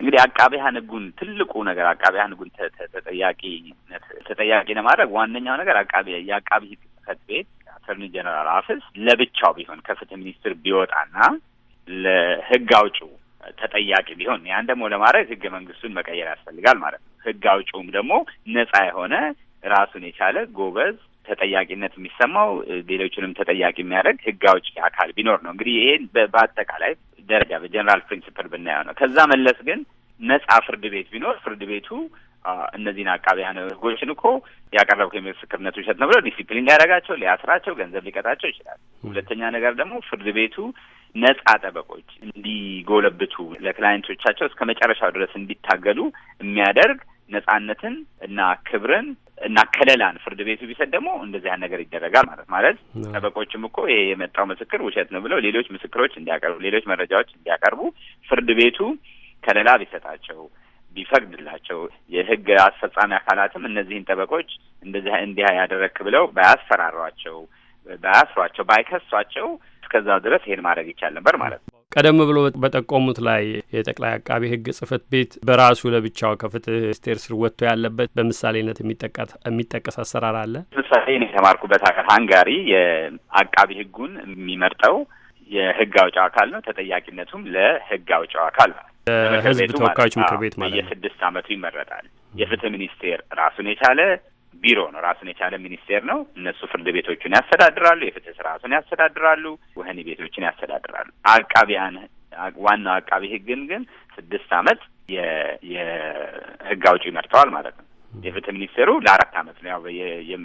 እንግዲህ አቃቢያን ህጉን ትልቁ ነገር አቃቢያን ህጉን ተጠያቂነት ተጠያቂ ለማድረግ ዋነኛው ነገር አቃቢ የአቃቢ ህግ ጽሕፈት ቤት አተርኒ ጀነራል ኦፊስ ለብቻው ቢሆን ከፍትህ ሚኒስትር ቢወጣና ለህግ አውጪው ተጠያቂ ቢሆን ያን ደግሞ ለማድረግ ህገ መንግስቱን መቀየር ያስፈልጋል ማለት ነው። ህግ አውጪውም ደግሞ ነጻ የሆነ ራሱን የቻለ ጎበዝ ተጠያቂነት የሚሰማው ሌሎችንም ተጠያቂ የሚያደርግ ህግ አውጪ አካል ቢኖር ነው። እንግዲህ ይሄን በአጠቃላይ ደረጃ በጀነራል ፕሪንሲፕል ብናየው ነው። ከዛ መለስ ግን ነጻ ፍርድ ቤት ቢኖር ፍርድ ቤቱ እነዚህን አቃቢያነ ሕጎችን እኮ ያቀረብከው የምስክርነት ውሸት ነው ብሎ ዲሲፕሊን ሊያደርጋቸው፣ ሊያስራቸው፣ ገንዘብ ሊቀጣቸው ይችላል። ሁለተኛ ነገር ደግሞ ፍርድ ቤቱ ነጻ ጠበቆች እንዲጎለብቱ ለክላይንቶቻቸው እስከ መጨረሻው ድረስ እንዲታገሉ የሚያደርግ ነጻነትን እና ክብርን እና ከለላን ፍርድ ቤቱ ቢሰጥ ደግሞ እንደዚህ ነገር ይደረጋል ማለት ማለት ጠበቆችም እኮ ይሄ የመጣው ምስክር ውሸት ነው ብለው ሌሎች ምስክሮች እንዲያቀርቡ፣ ሌሎች መረጃዎች እንዲያቀርቡ ፍርድ ቤቱ ከለላ ቢሰጣቸው ቢፈቅድላቸው የህግ አስፈጻሚ አካላትም እነዚህን ጠበቆች እንደዚህ እንዲህ ያደረክ ብለው ባያስፈራሯቸው፣ ባያስሯቸው፣ ባይከሷቸው እስከዛ ድረስ ይሄን ማድረግ ይቻል ነበር ማለት ነው። ቀደም ብሎ በጠቆሙት ላይ የጠቅላይ አቃቢ ህግ ጽህፈት ቤት በራሱ ለብቻው ከፍትህ ሚኒስቴር ስር ወጥቶ ያለበት በምሳሌነት የሚጠቀስ አሰራር አለ። ምሳሌ የተማርኩበት ሀገር ሀንጋሪ የአቃቢ ህጉን የሚመርጠው የህግ አውጪው አካል ነው። ተጠያቂነቱም ለህግ አውጪው አካል ነው። ህዝብ ተወካዮች ምክር ቤት ማለት የስድስት አመቱ ይመረጣል። የፍትህ ሚኒስቴር ራሱን የቻለ ቢሮ ነው። ራሱን የቻለ ሚኒስቴር ነው። እነሱ ፍርድ ቤቶቹን ያስተዳድራሉ፣ የፍትህ ስርዓቱን ያስተዳድራሉ፣ ወህኒ ቤቶችን ያስተዳድራሉ። አቃቢያን ዋናው አቃቢ ህግን ግን ስድስት አመት የህግ አውጪ መርተዋል ማለት ነው። የፍትህ ሚኒስቴሩ ለአራት አመት ነው። ያው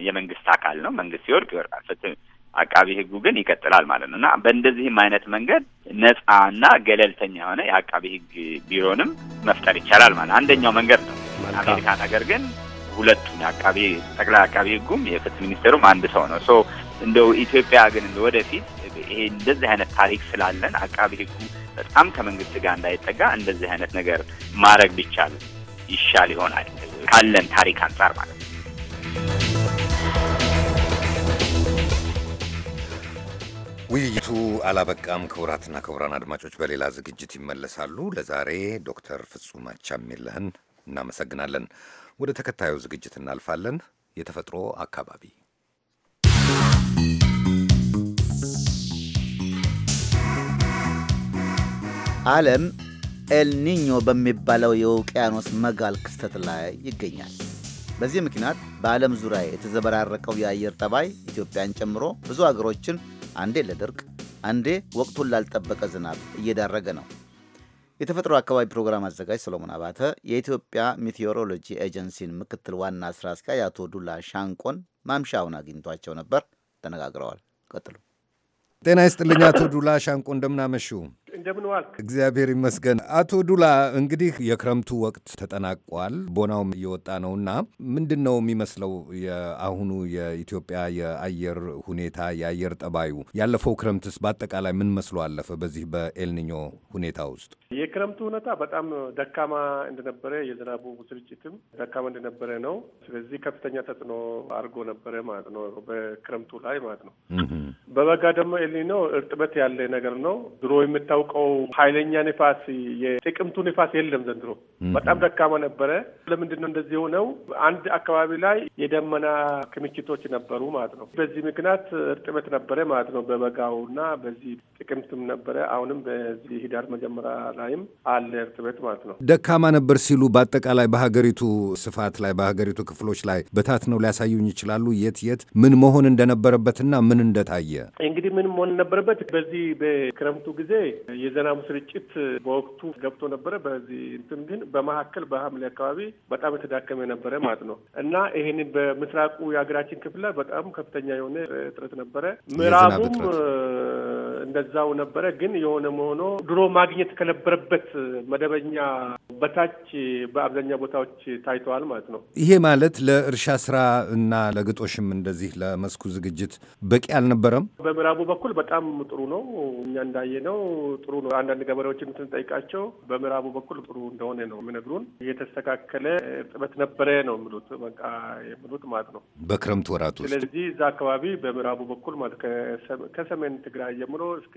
የመንግስት አካል ነው። መንግስት ሲወድቅ ይወርቃል። ፍትህ አቃቢ ህጉ ግን ይቀጥላል ማለት ነው እና በእንደዚህም አይነት መንገድ ነጻና ገለልተኛ የሆነ የአቃቢ ህግ ቢሮንም መፍጠር ይቻላል ማለት አንደኛው መንገድ ነው። አሜሪካን ሀገር ግን ሁለቱም የአቃቢ ጠቅላይ አቃቢ ህጉም የፍትህ ሚኒስቴሩም አንድ ሰው ነው። ሶ እንደው ኢትዮጵያ ግን እንደ ወደፊት ይሄ እንደዚህ አይነት ታሪክ ስላለን አቃቢ ህጉ በጣም ከመንግስት ጋር እንዳይጠጋ እንደዚህ አይነት ነገር ማድረግ ቢቻል ይሻል ይሆናል ካለን ታሪክ አንጻር ማለት ነው። ውይይቱ አላበቃም። ክቡራትና ክቡራን አድማጮች በሌላ ዝግጅት ይመለሳሉ። ለዛሬ ዶክተር ፍጹም አቻሜለህን እናመሰግናለን። ወደ ተከታዩ ዝግጅት እናልፋለን። የተፈጥሮ አካባቢ ዓለም ኤልኒኞ በሚባለው የውቅያኖስ መጋል ክስተት ላይ ይገኛል። በዚህ ምክንያት በዓለም ዙሪያ የተዘበራረቀው የአየር ጠባይ ኢትዮጵያን ጨምሮ ብዙ አገሮችን አንዴ ለድርቅ አንዴ ወቅቱን ላልጠበቀ ዝናብ እየዳረገ ነው። የተፈጥሮ አካባቢ ፕሮግራም አዘጋጅ ሰሎሞን አባተ የኢትዮጵያ ሚቴዎሮሎጂ ኤጀንሲን ምክትል ዋና ስራ አስኪያጅ አቶ ዱላ ሻንቆን ማምሻውን አግኝቷቸው ነበር። ተነጋግረዋል። ቀጥሉ። ጤና ይስጥልኝ አቶ ዱላ ሻንቆ እንደምናመሹ እንደምን ዋልክ? እግዚአብሔር ይመስገን። አቶ ዱላ እንግዲህ የክረምቱ ወቅት ተጠናቋል፣ ቦናውም እየወጣ ነውና ምንድን ነው የሚመስለው የአሁኑ የኢትዮጵያ የአየር ሁኔታ የአየር ጠባዩ? ያለፈው ክረምትስ በአጠቃላይ ምን መስሎ አለፈ? በዚህ በኤልኒኞ ሁኔታ ውስጥ የክረምቱ ሁኔታ በጣም ደካማ እንደነበረ የዝናቡ ስርጭትም ደካማ እንደነበረ ነው። ስለዚህ ከፍተኛ ተጽዕኖ አድርጎ ነበረ ማለት ነው በክረምቱ ላይ ማለት ነው። በበጋ ደግሞ ኤልኒኖ እርጥበት ያለ ነገር ነው ድሮ የምታ የምናውቀው ኃይለኛ ንፋስ የጥቅምቱ ንፋስ የለም ዘንድሮ በጣም ደካማ ነበረ። ለምንድን ነው እንደዚህ የሆነው? አንድ አካባቢ ላይ የደመና ክምችቶች ነበሩ ማለት ነው። በዚህ ምክንያት እርጥበት ነበረ ማለት ነው። በበጋው እና በዚህ ጥቅምትም ነበረ። አሁንም በዚህ ህዳር መጀመሪያ ላይም አለ እርጥበት ማለት ነው። ደካማ ነበር ሲሉ በአጠቃላይ በሀገሪቱ ስፋት ላይ በሀገሪቱ ክፍሎች ላይ በታት ነው ሊያሳዩኝ ይችላሉ? የት የት ምን መሆን እንደነበረበትና ምን እንደታየ እንግዲህ ምን መሆን ነበረበት በዚህ በክረምቱ ጊዜ የዝናቡ ስርጭት በወቅቱ ገብቶ ነበረ። በዚህ እንትን ግን በመካከል በሐምሌ አካባቢ በጣም የተዳከመ ነበረ ማለት ነው እና ይሄንን በምስራቁ የሀገራችን ክፍል ላይ በጣም ከፍተኛ የሆነ እጥረት ነበረ። ምዕራቡም እንደዛው ነበረ። ግን የሆነ መሆኖ ድሮ ማግኘት ከነበረበት መደበኛ በታች በአብዛኛ ቦታዎች ታይተዋል ማለት ነው። ይሄ ማለት ለእርሻ ስራ እና ለግጦሽም እንደዚህ ለመስኩ ዝግጅት በቂ አልነበረም። በምዕራቡ በኩል በጣም ጥሩ ነው። እኛ እንዳየ ነው ጥሩ ነው። አንዳንድ ገበሬዎችን ስንጠይቃቸው በምዕራቡ በኩል ጥሩ እንደሆነ ነው የሚነግሩን። የተስተካከለ እርጥበት ነበረ ነው የሚሉት በቃ የሚሉት ማለት ነው በክረምት ወራት ውስጥ። ስለዚህ እዛ አካባቢ በምዕራቡ በኩል ማለት ከሰሜን ትግራይ ጀምሮ እስከ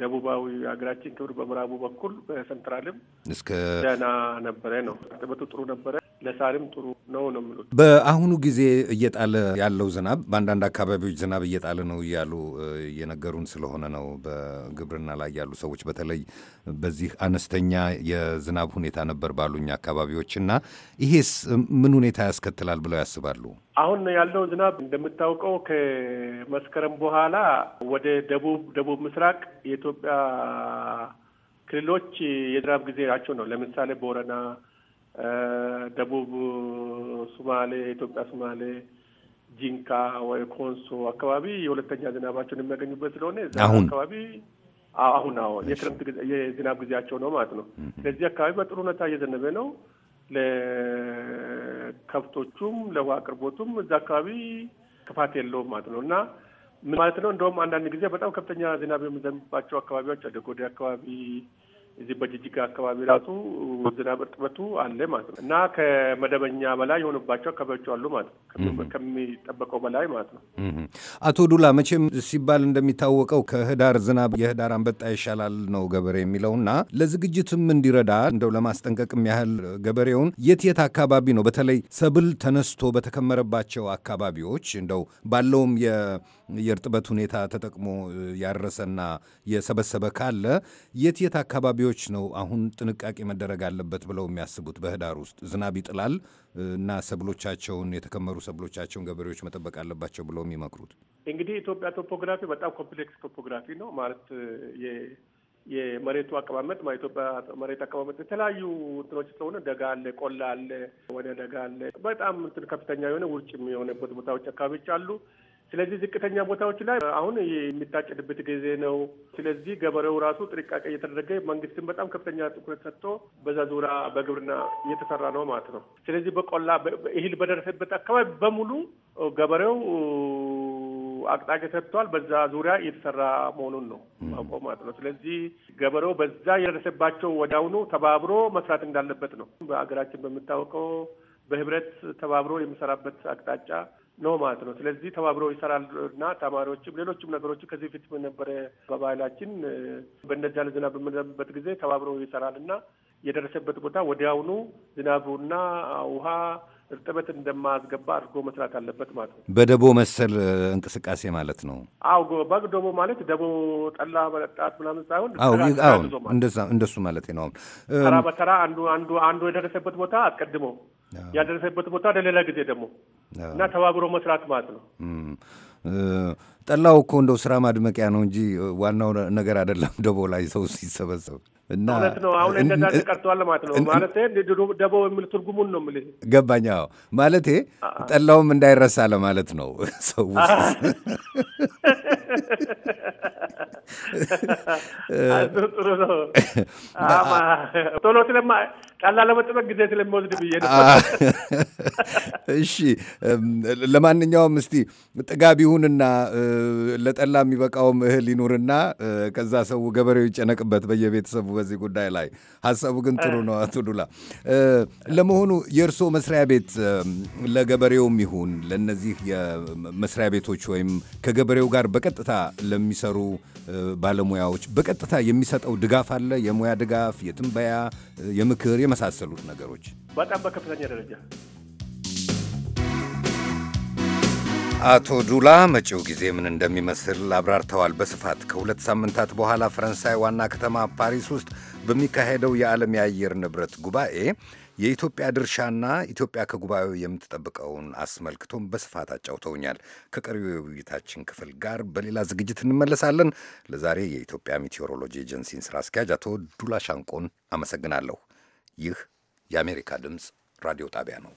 ደቡባዊ ሀገራችን ክብር በምዕራቡ በኩል በሰንትራልም እስከ ደህና ነበረ ነው። እርጥበቱ ጥሩ ነበረ። ለሳርም ጥሩ ነው ነው የሚሉት። በአሁኑ ጊዜ እየጣለ ያለው ዝናብ በአንዳንድ አካባቢዎች ዝናብ እየጣለ ነው እያሉ እየነገሩን ስለሆነ ነው በግብርና ላይ ያሉ ሰዎች በተለይ በዚህ አነስተኛ የዝናብ ሁኔታ ነበር ባሉኝ አካባቢዎች እና ይሄስ ምን ሁኔታ ያስከትላል ብለው ያስባሉ? አሁን ያለው ዝናብ እንደምታውቀው ከመስከረም በኋላ ወደ ደቡብ ደቡብ ምስራቅ የኢትዮጵያ ክልሎች የዝናብ ጊዜ ናቸው ነው ለምሳሌ ቦረና ደቡብ ሱማሌ፣ የኢትዮጵያ ሱማሌ፣ ጂንካ ወይ ኮንሶ አካባቢ የሁለተኛ ዝናባቸውን የሚያገኙበት ስለሆነ እዛ አካባቢ አሁን አሁን የክረምት የዝናብ ጊዜያቸው ነው ማለት ነው። ስለዚህ አካባቢ በጥሩ ሁኔታ እየዘነበ ነው። ለከብቶቹም ለውሃ አቅርቦቱም እዛ አካባቢ ክፋት የለውም ማለት ነው እና ምን ማለት ነው? እንደውም አንዳንድ ጊዜ በጣም ከፍተኛ ዝናብ የሚዘንብባቸው አካባቢዎች አደጎዴ አካባቢ እዚህ በጅጅጋ አካባቢ ራሱ ዝናብ እርጥበቱ አለ ማለት ነው እና ከመደበኛ በላይ የሆኑባቸው አካባቢዎች አሉ ማለት ነው፣ ከሚጠበቀው በላይ ማለት ነው። አቶ ዱላ መቼም ሲባል እንደሚታወቀው ከህዳር ዝናብ የህዳር አንበጣ ይሻላል ነው ገበሬ የሚለውና ለዝግጅትም እንዲረዳ እንደው ለማስጠንቀቅም ያህል ገበሬውን የት የት አካባቢ ነው በተለይ ሰብል ተነስቶ በተከመረባቸው አካባቢዎች እንደው ባለውም የእርጥበት ሁኔታ ተጠቅሞ ያረሰና የሰበሰበ ካለ የት የት አካባቢዎች ነው አሁን ጥንቃቄ መደረግ አለበት ብለው የሚያስቡት? በህዳር ውስጥ ዝናብ ይጥላል እና ሰብሎቻቸውን የተከመሩ ሰብሎቻቸውን ገበሬዎች መጠበቅ አለባቸው ብለው የሚመክሩት? እንግዲህ ኢትዮጵያ ቶፖግራፊ በጣም ኮምፕሌክስ ቶፖግራፊ ነው ማለት የመሬቱ አቀማመጥ ኢትዮጵያ መሬት አቀማመጥ የተለያዩ እንትኖች ስለሆነ ደጋ አለ፣ ቆላ አለ፣ ወደ ደጋ አለ። በጣም እንትን ከፍተኛ የሆነ ውርጭ የሆነበት ቦታዎች አካባቢዎች አሉ። ስለዚህ ዝቅተኛ ቦታዎች ላይ አሁን የሚታጨድበት ጊዜ ነው። ስለዚህ ገበሬው ራሱ ጥንቃቄ እየተደረገ መንግስትም በጣም ከፍተኛ ትኩረት ሰጥቶ በዛ ዙሪያ በግብርና እየተሰራ ነው ማለት ነው። ስለዚህ በቆላ እህል በደረሰበት አካባቢ በሙሉ ገበሬው አቅጣጫ ሰጥቷል። በዛ ዙሪያ እየተሰራ መሆኑን ነው ማውቀው ማለት ነው። ስለዚህ ገበሬው በዛ የደረሰባቸው ወዳውኑ ተባብሮ መስራት እንዳለበት ነው በሀገራችን በሚታወቀው በህብረት ተባብሮ የሚሰራበት አቅጣጫ ነው ማለት ነው። ስለዚህ ተባብረው ይሰራል እና ተማሪዎችም ሌሎችም ነገሮች ከዚህ በፊት በነበረ በባህላችን በእነዚያ ዝናብ በሚዘንብበት ጊዜ ተባብረው ይሰራል እና የደረሰበት ቦታ ወዲያውኑ ዝናቡና ውሃ እርጥበት እንደማያስገባ አድርጎ መስራት አለበት ማለት ነው። በደቦ መሰል እንቅስቃሴ ማለት ነው። አው በግ ደቦ ማለት ደቦ ጠላ መጠጣት ምናምን ሳይሆን እንደሱ ማለት ነው። ተራ በተራ አንዱ አንዱ አንዱ የደረሰበት ቦታ አስቀድመው ያደረሰበት ቦታ ለሌላ ጊዜ ደግሞ እና ተባብሮ መስራት ማለት ነው። ጠላው እኮ እንደው ስራ ማድመቂያ ነው እንጂ ዋናው ነገር አይደለም። ደቦ ላይ ሰው ሲሰበሰብ እና ማለት ነው። አሁን እንደዛ ቀርተዋል ማለት ነው። ማለት ደቦ የሚል ትርጉሙን ነው የምልህ። ገባኛው አዎ ማለቴ ጠላውም እንዳይረሳ ለማለት ነው። ሰው ጥሩ ነው። ቶሎ ስለማ ጠላ ለመጠበቅ ጊዜ ስለሚወስድ ብዬ እሺ፣ ለማንኛውም እስቲ ጥጋቢሁንና ለጠላ የሚበቃውም እህል ይኑርና ከዛ ሰው ገበሬው ይጨነቅበት በየቤተሰቡ በዚህ ጉዳይ ላይ። ሀሳቡ ግን ጥሩ ነው። አቶ ዱላ፣ ለመሆኑ የእርስዎ መስሪያ ቤት ለገበሬውም ይሁን ለእነዚህ የመስሪያ ቤቶች ወይም ከገበሬው ጋር በቀጥታ ለሚሰሩ ባለሙያዎች በቀጥታ የሚሰጠው ድጋፍ አለ? የሙያ ድጋፍ፣ የትንበያ፣ የምክር የመሳሰሉት ነገሮች በጣም በከፍተኛ ደረጃ አቶ ዱላ መጪው ጊዜ ምን እንደሚመስል አብራርተዋል በስፋት ከሁለት ሳምንታት በኋላ ፈረንሳይ ዋና ከተማ ፓሪስ ውስጥ በሚካሄደው የዓለም የአየር ንብረት ጉባኤ የኢትዮጵያ ድርሻና ኢትዮጵያ ከጉባኤው የምትጠብቀውን አስመልክቶም በስፋት አጫውተውኛል። ከቀሪው የውይይታችን ክፍል ጋር በሌላ ዝግጅት እንመለሳለን። ለዛሬ የኢትዮጵያ ሜቴዎሮሎጂ ኤጀንሲን ስራ አስኪያጅ አቶ ዱላ ሻንቆን አመሰግናለሁ። ይህ የአሜሪካ ድምፅ ራዲዮ ጣቢያ ነው።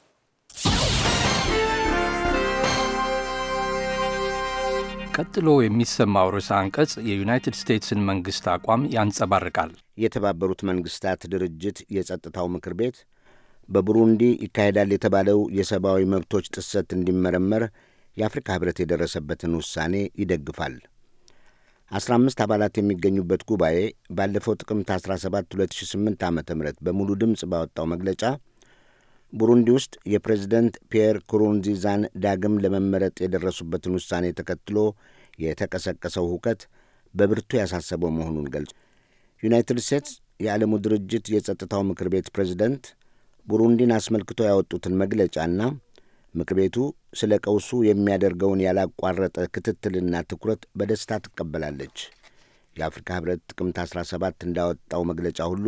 ቀጥሎ የሚሰማው ርዕሰ አንቀጽ የዩናይትድ ስቴትስን መንግሥት አቋም ያንጸባርቃል። የተባበሩት መንግሥታት ድርጅት የጸጥታው ምክር ቤት በቡሩንዲ ይካሄዳል የተባለው የሰብአዊ መብቶች ጥሰት እንዲመረመር የአፍሪካ ኅብረት የደረሰበትን ውሳኔ ይደግፋል። 15 አባላት የሚገኙበት ጉባኤ ባለፈው ጥቅምት 17 2008 ዓ ም በሙሉ ድምፅ ባወጣው መግለጫ ቡሩንዲ ውስጥ የፕሬዝደንት ፒየር ኩሩንዚዛን ዳግም ለመመረጥ የደረሱበትን ውሳኔ ተከትሎ የተቀሰቀሰው ሁከት በብርቱ ያሳሰበው መሆኑን ገልጹ። ዩናይትድ ስቴትስ የዓለሙ ድርጅት የጸጥታው ምክር ቤት ፕሬዝደንት ቡሩንዲን አስመልክቶ ያወጡትን መግለጫና ምክር ቤቱ ስለ ቀውሱ የሚያደርገውን ያላቋረጠ ክትትልና ትኩረት በደስታ ትቀበላለች። የአፍሪካ ህብረት ጥቅምት 17 እንዳወጣው መግለጫ ሁሉ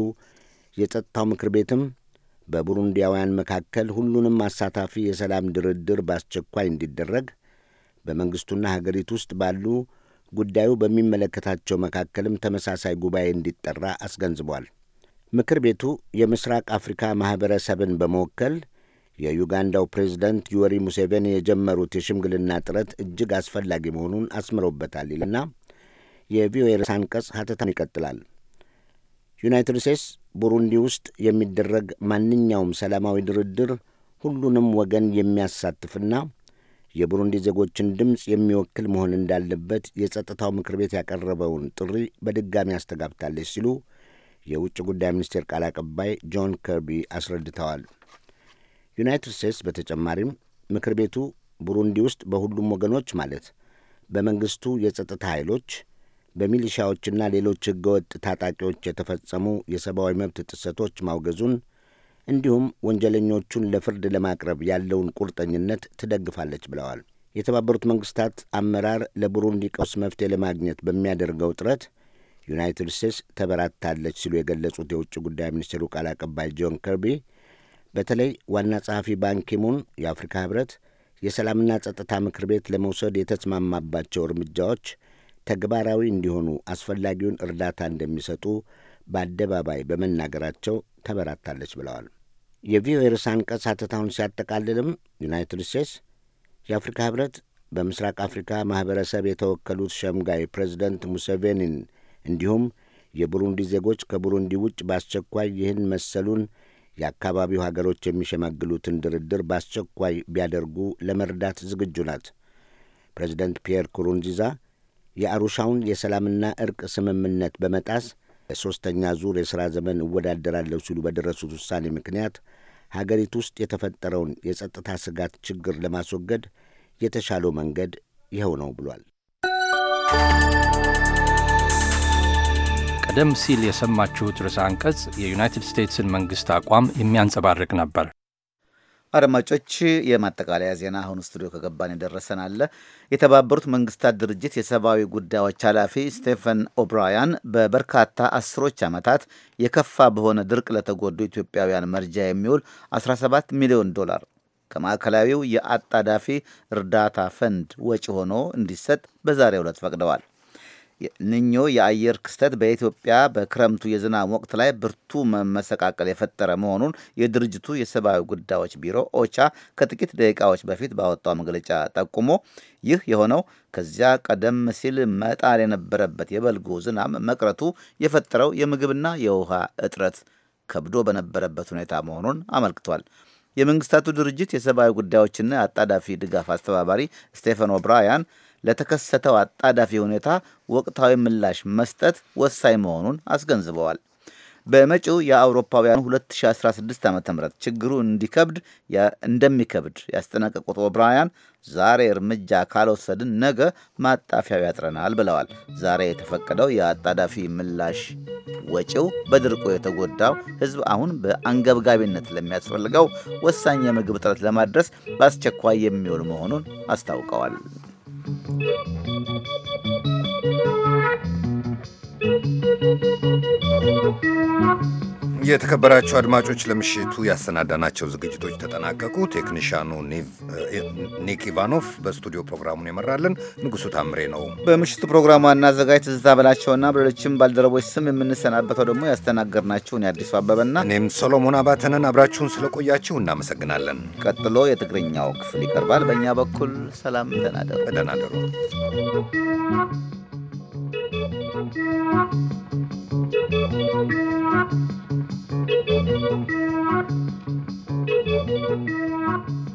የጸጥታው ምክር ቤትም በቡሩንዲያውያን መካከል ሁሉንም አሳታፊ የሰላም ድርድር በአስቸኳይ እንዲደረግ በመንግሥቱና ሀገሪቱ ውስጥ ባሉ ጉዳዩ በሚመለከታቸው መካከልም ተመሳሳይ ጉባኤ እንዲጠራ አስገንዝቧል። ምክር ቤቱ የምስራቅ አፍሪካ ማኅበረሰብን በመወከል የዩጋንዳው ፕሬዝደንት ዩወሪ ሙሴቬኒ የጀመሩት የሽምግልና ጥረት እጅግ አስፈላጊ መሆኑን አስምረውበታል ይልና የቪኦኤ ርዕሰ አንቀጽ ሀተታን ይቀጥላል። ዩናይትድ ስቴትስ ቡሩንዲ ውስጥ የሚደረግ ማንኛውም ሰላማዊ ድርድር ሁሉንም ወገን የሚያሳትፍና የቡሩንዲ ዜጎችን ድምፅ የሚወክል መሆን እንዳለበት የጸጥታው ምክር ቤት ያቀረበውን ጥሪ በድጋሚ አስተጋብታለች ሲሉ የውጭ ጉዳይ ሚኒስቴር ቃል አቀባይ ጆን ከርቢ አስረድተዋል። ዩናይትድ ስቴትስ በተጨማሪም ምክር ቤቱ ቡሩንዲ ውስጥ በሁሉም ወገኖች ማለት በመንግስቱ የጸጥታ ኃይሎች በሚሊሻዎችና ሌሎች ህገወጥ ታጣቂዎች የተፈጸሙ የሰብአዊ መብት ጥሰቶች ማውገዙን እንዲሁም ወንጀለኞቹን ለፍርድ ለማቅረብ ያለውን ቁርጠኝነት ትደግፋለች ብለዋል። የተባበሩት መንግስታት አመራር ለቡሩንዲ ቀውስ መፍትሄ ለማግኘት በሚያደርገው ጥረት ዩናይትድ ስቴትስ ተበራታለች ሲሉ የገለጹት የውጭ ጉዳይ ሚኒስቴሩ ቃል አቀባይ ጆን ከርቢ በተለይ ዋና ጸሐፊ ባንኪሙን የአፍሪካ ህብረት የሰላምና ጸጥታ ምክር ቤት ለመውሰድ የተስማማባቸው እርምጃዎች ተግባራዊ እንዲሆኑ አስፈላጊውን እርዳታ እንደሚሰጡ በአደባባይ በመናገራቸው ተበራታለች ብለዋል። የቪኦኤ ርዕሰ አንቀጽ ሐተታውን ሲያጠቃልልም ዩናይትድ ስቴትስ የአፍሪካ ህብረት በምስራቅ አፍሪካ ማኅበረሰብ የተወከሉት ሸምጋይ ፕሬዚደንት ሙሴቬኒን እንዲሁም የቡሩንዲ ዜጎች ከቡሩንዲ ውጭ በአስቸኳይ ይህን መሰሉን የአካባቢው ሀገሮች የሚሸመግሉትን ድርድር በአስቸኳይ ቢያደርጉ ለመርዳት ዝግጁ ናት። ፕሬዚደንት ፒየር ኩሩንዚዛ የአሩሻውን የሰላምና እርቅ ስምምነት በመጣስ በሦስተኛ ዙር የሥራ ዘመን እወዳደራለሁ ሲሉ በደረሱት ውሳኔ ምክንያት ሀገሪቱ ውስጥ የተፈጠረውን የጸጥታ ስጋት ችግር ለማስወገድ የተሻለው መንገድ ይኸው ነው ብሏል። ቀደም ሲል የሰማችሁት ርዕሰ አንቀጽ የዩናይትድ ስቴትስን መንግሥት አቋም የሚያንጸባርቅ ነበር። አድማጮች የማጠቃለያ ዜና አሁን ስቱዲዮ ከገባን የደረሰን አለ። የተባበሩት መንግስታት ድርጅት የሰብአዊ ጉዳዮች ኃላፊ ስቴፈን ኦብራያን በበርካታ አስሮች ዓመታት የከፋ በሆነ ድርቅ ለተጎዱ ኢትዮጵያውያን መርጃ የሚውል 17 ሚሊዮን ዶላር ከማዕከላዊው የአጣዳፊ እርዳታ ፈንድ ወጪ ሆኖ እንዲሰጥ በዛሬው ዕለት ፈቅደዋል። ንኞ የአየር ክስተት በኢትዮጵያ በክረምቱ የዝናብ ወቅት ላይ ብርቱ መመሰቃቀል የፈጠረ መሆኑን የድርጅቱ የሰብአዊ ጉዳዮች ቢሮ ኦቻ ከጥቂት ደቂቃዎች በፊት ባወጣው መግለጫ ጠቁሞ ይህ የሆነው ከዚያ ቀደም ሲል መጣል የነበረበት የበልጉ ዝናብ መቅረቱ የፈጠረው የምግብና የውሃ እጥረት ከብዶ በነበረበት ሁኔታ መሆኑን አመልክቷል። የመንግስታቱ ድርጅት የሰብአዊ ጉዳዮችና አጣዳፊ ድጋፍ አስተባባሪ ስቴፈን ኦብራያን ለተከሰተው አጣዳፊ ሁኔታ ወቅታዊ ምላሽ መስጠት ወሳኝ መሆኑን አስገንዝበዋል። በመጪው የአውሮፓውያኑ 2016 ዓ ም ችግሩ እንዲከብድ እንደሚከብድ ያስጠነቀቁት ኦብራያን ዛሬ እርምጃ ካልወሰድን ነገ ማጣፊያው ያጥረናል ብለዋል። ዛሬ የተፈቀደው የአጣዳፊ ምላሽ ወጪው በድርቁ የተጎዳው ሕዝብ አሁን በአንገብጋቢነት ለሚያስፈልገው ወሳኝ የምግብ እጥረት ለማድረስ በአስቸኳይ የሚውል መሆኑን አስታውቀዋል። Thank you. የተከበራችሁ አድማጮች ለምሽቱ ያሰናዳናቸው ዝግጅቶች ተጠናቀቁ። ቴክኒሻኑ ኒክ ኢቫኖቭ በስቱዲዮ ፕሮግራሙን የመራልን ንጉሱ ታምሬ ነው። በምሽቱ ፕሮግራሙ ዋና አዘጋጅ ትዝታ በላቸውና በሌሎችም ባልደረቦች ስም የምንሰናበተው ደግሞ ያስተናገርናችሁን የአዲሱ አበበና እኔም ሶሎሞን አባተንን አብራችሁን ስለቆያችሁ እናመሰግናለን። ቀጥሎ የትግርኛው ክፍል ይቀርባል። በእኛ በኩል ሰላም፣ ደህና ደሩ። Thank you.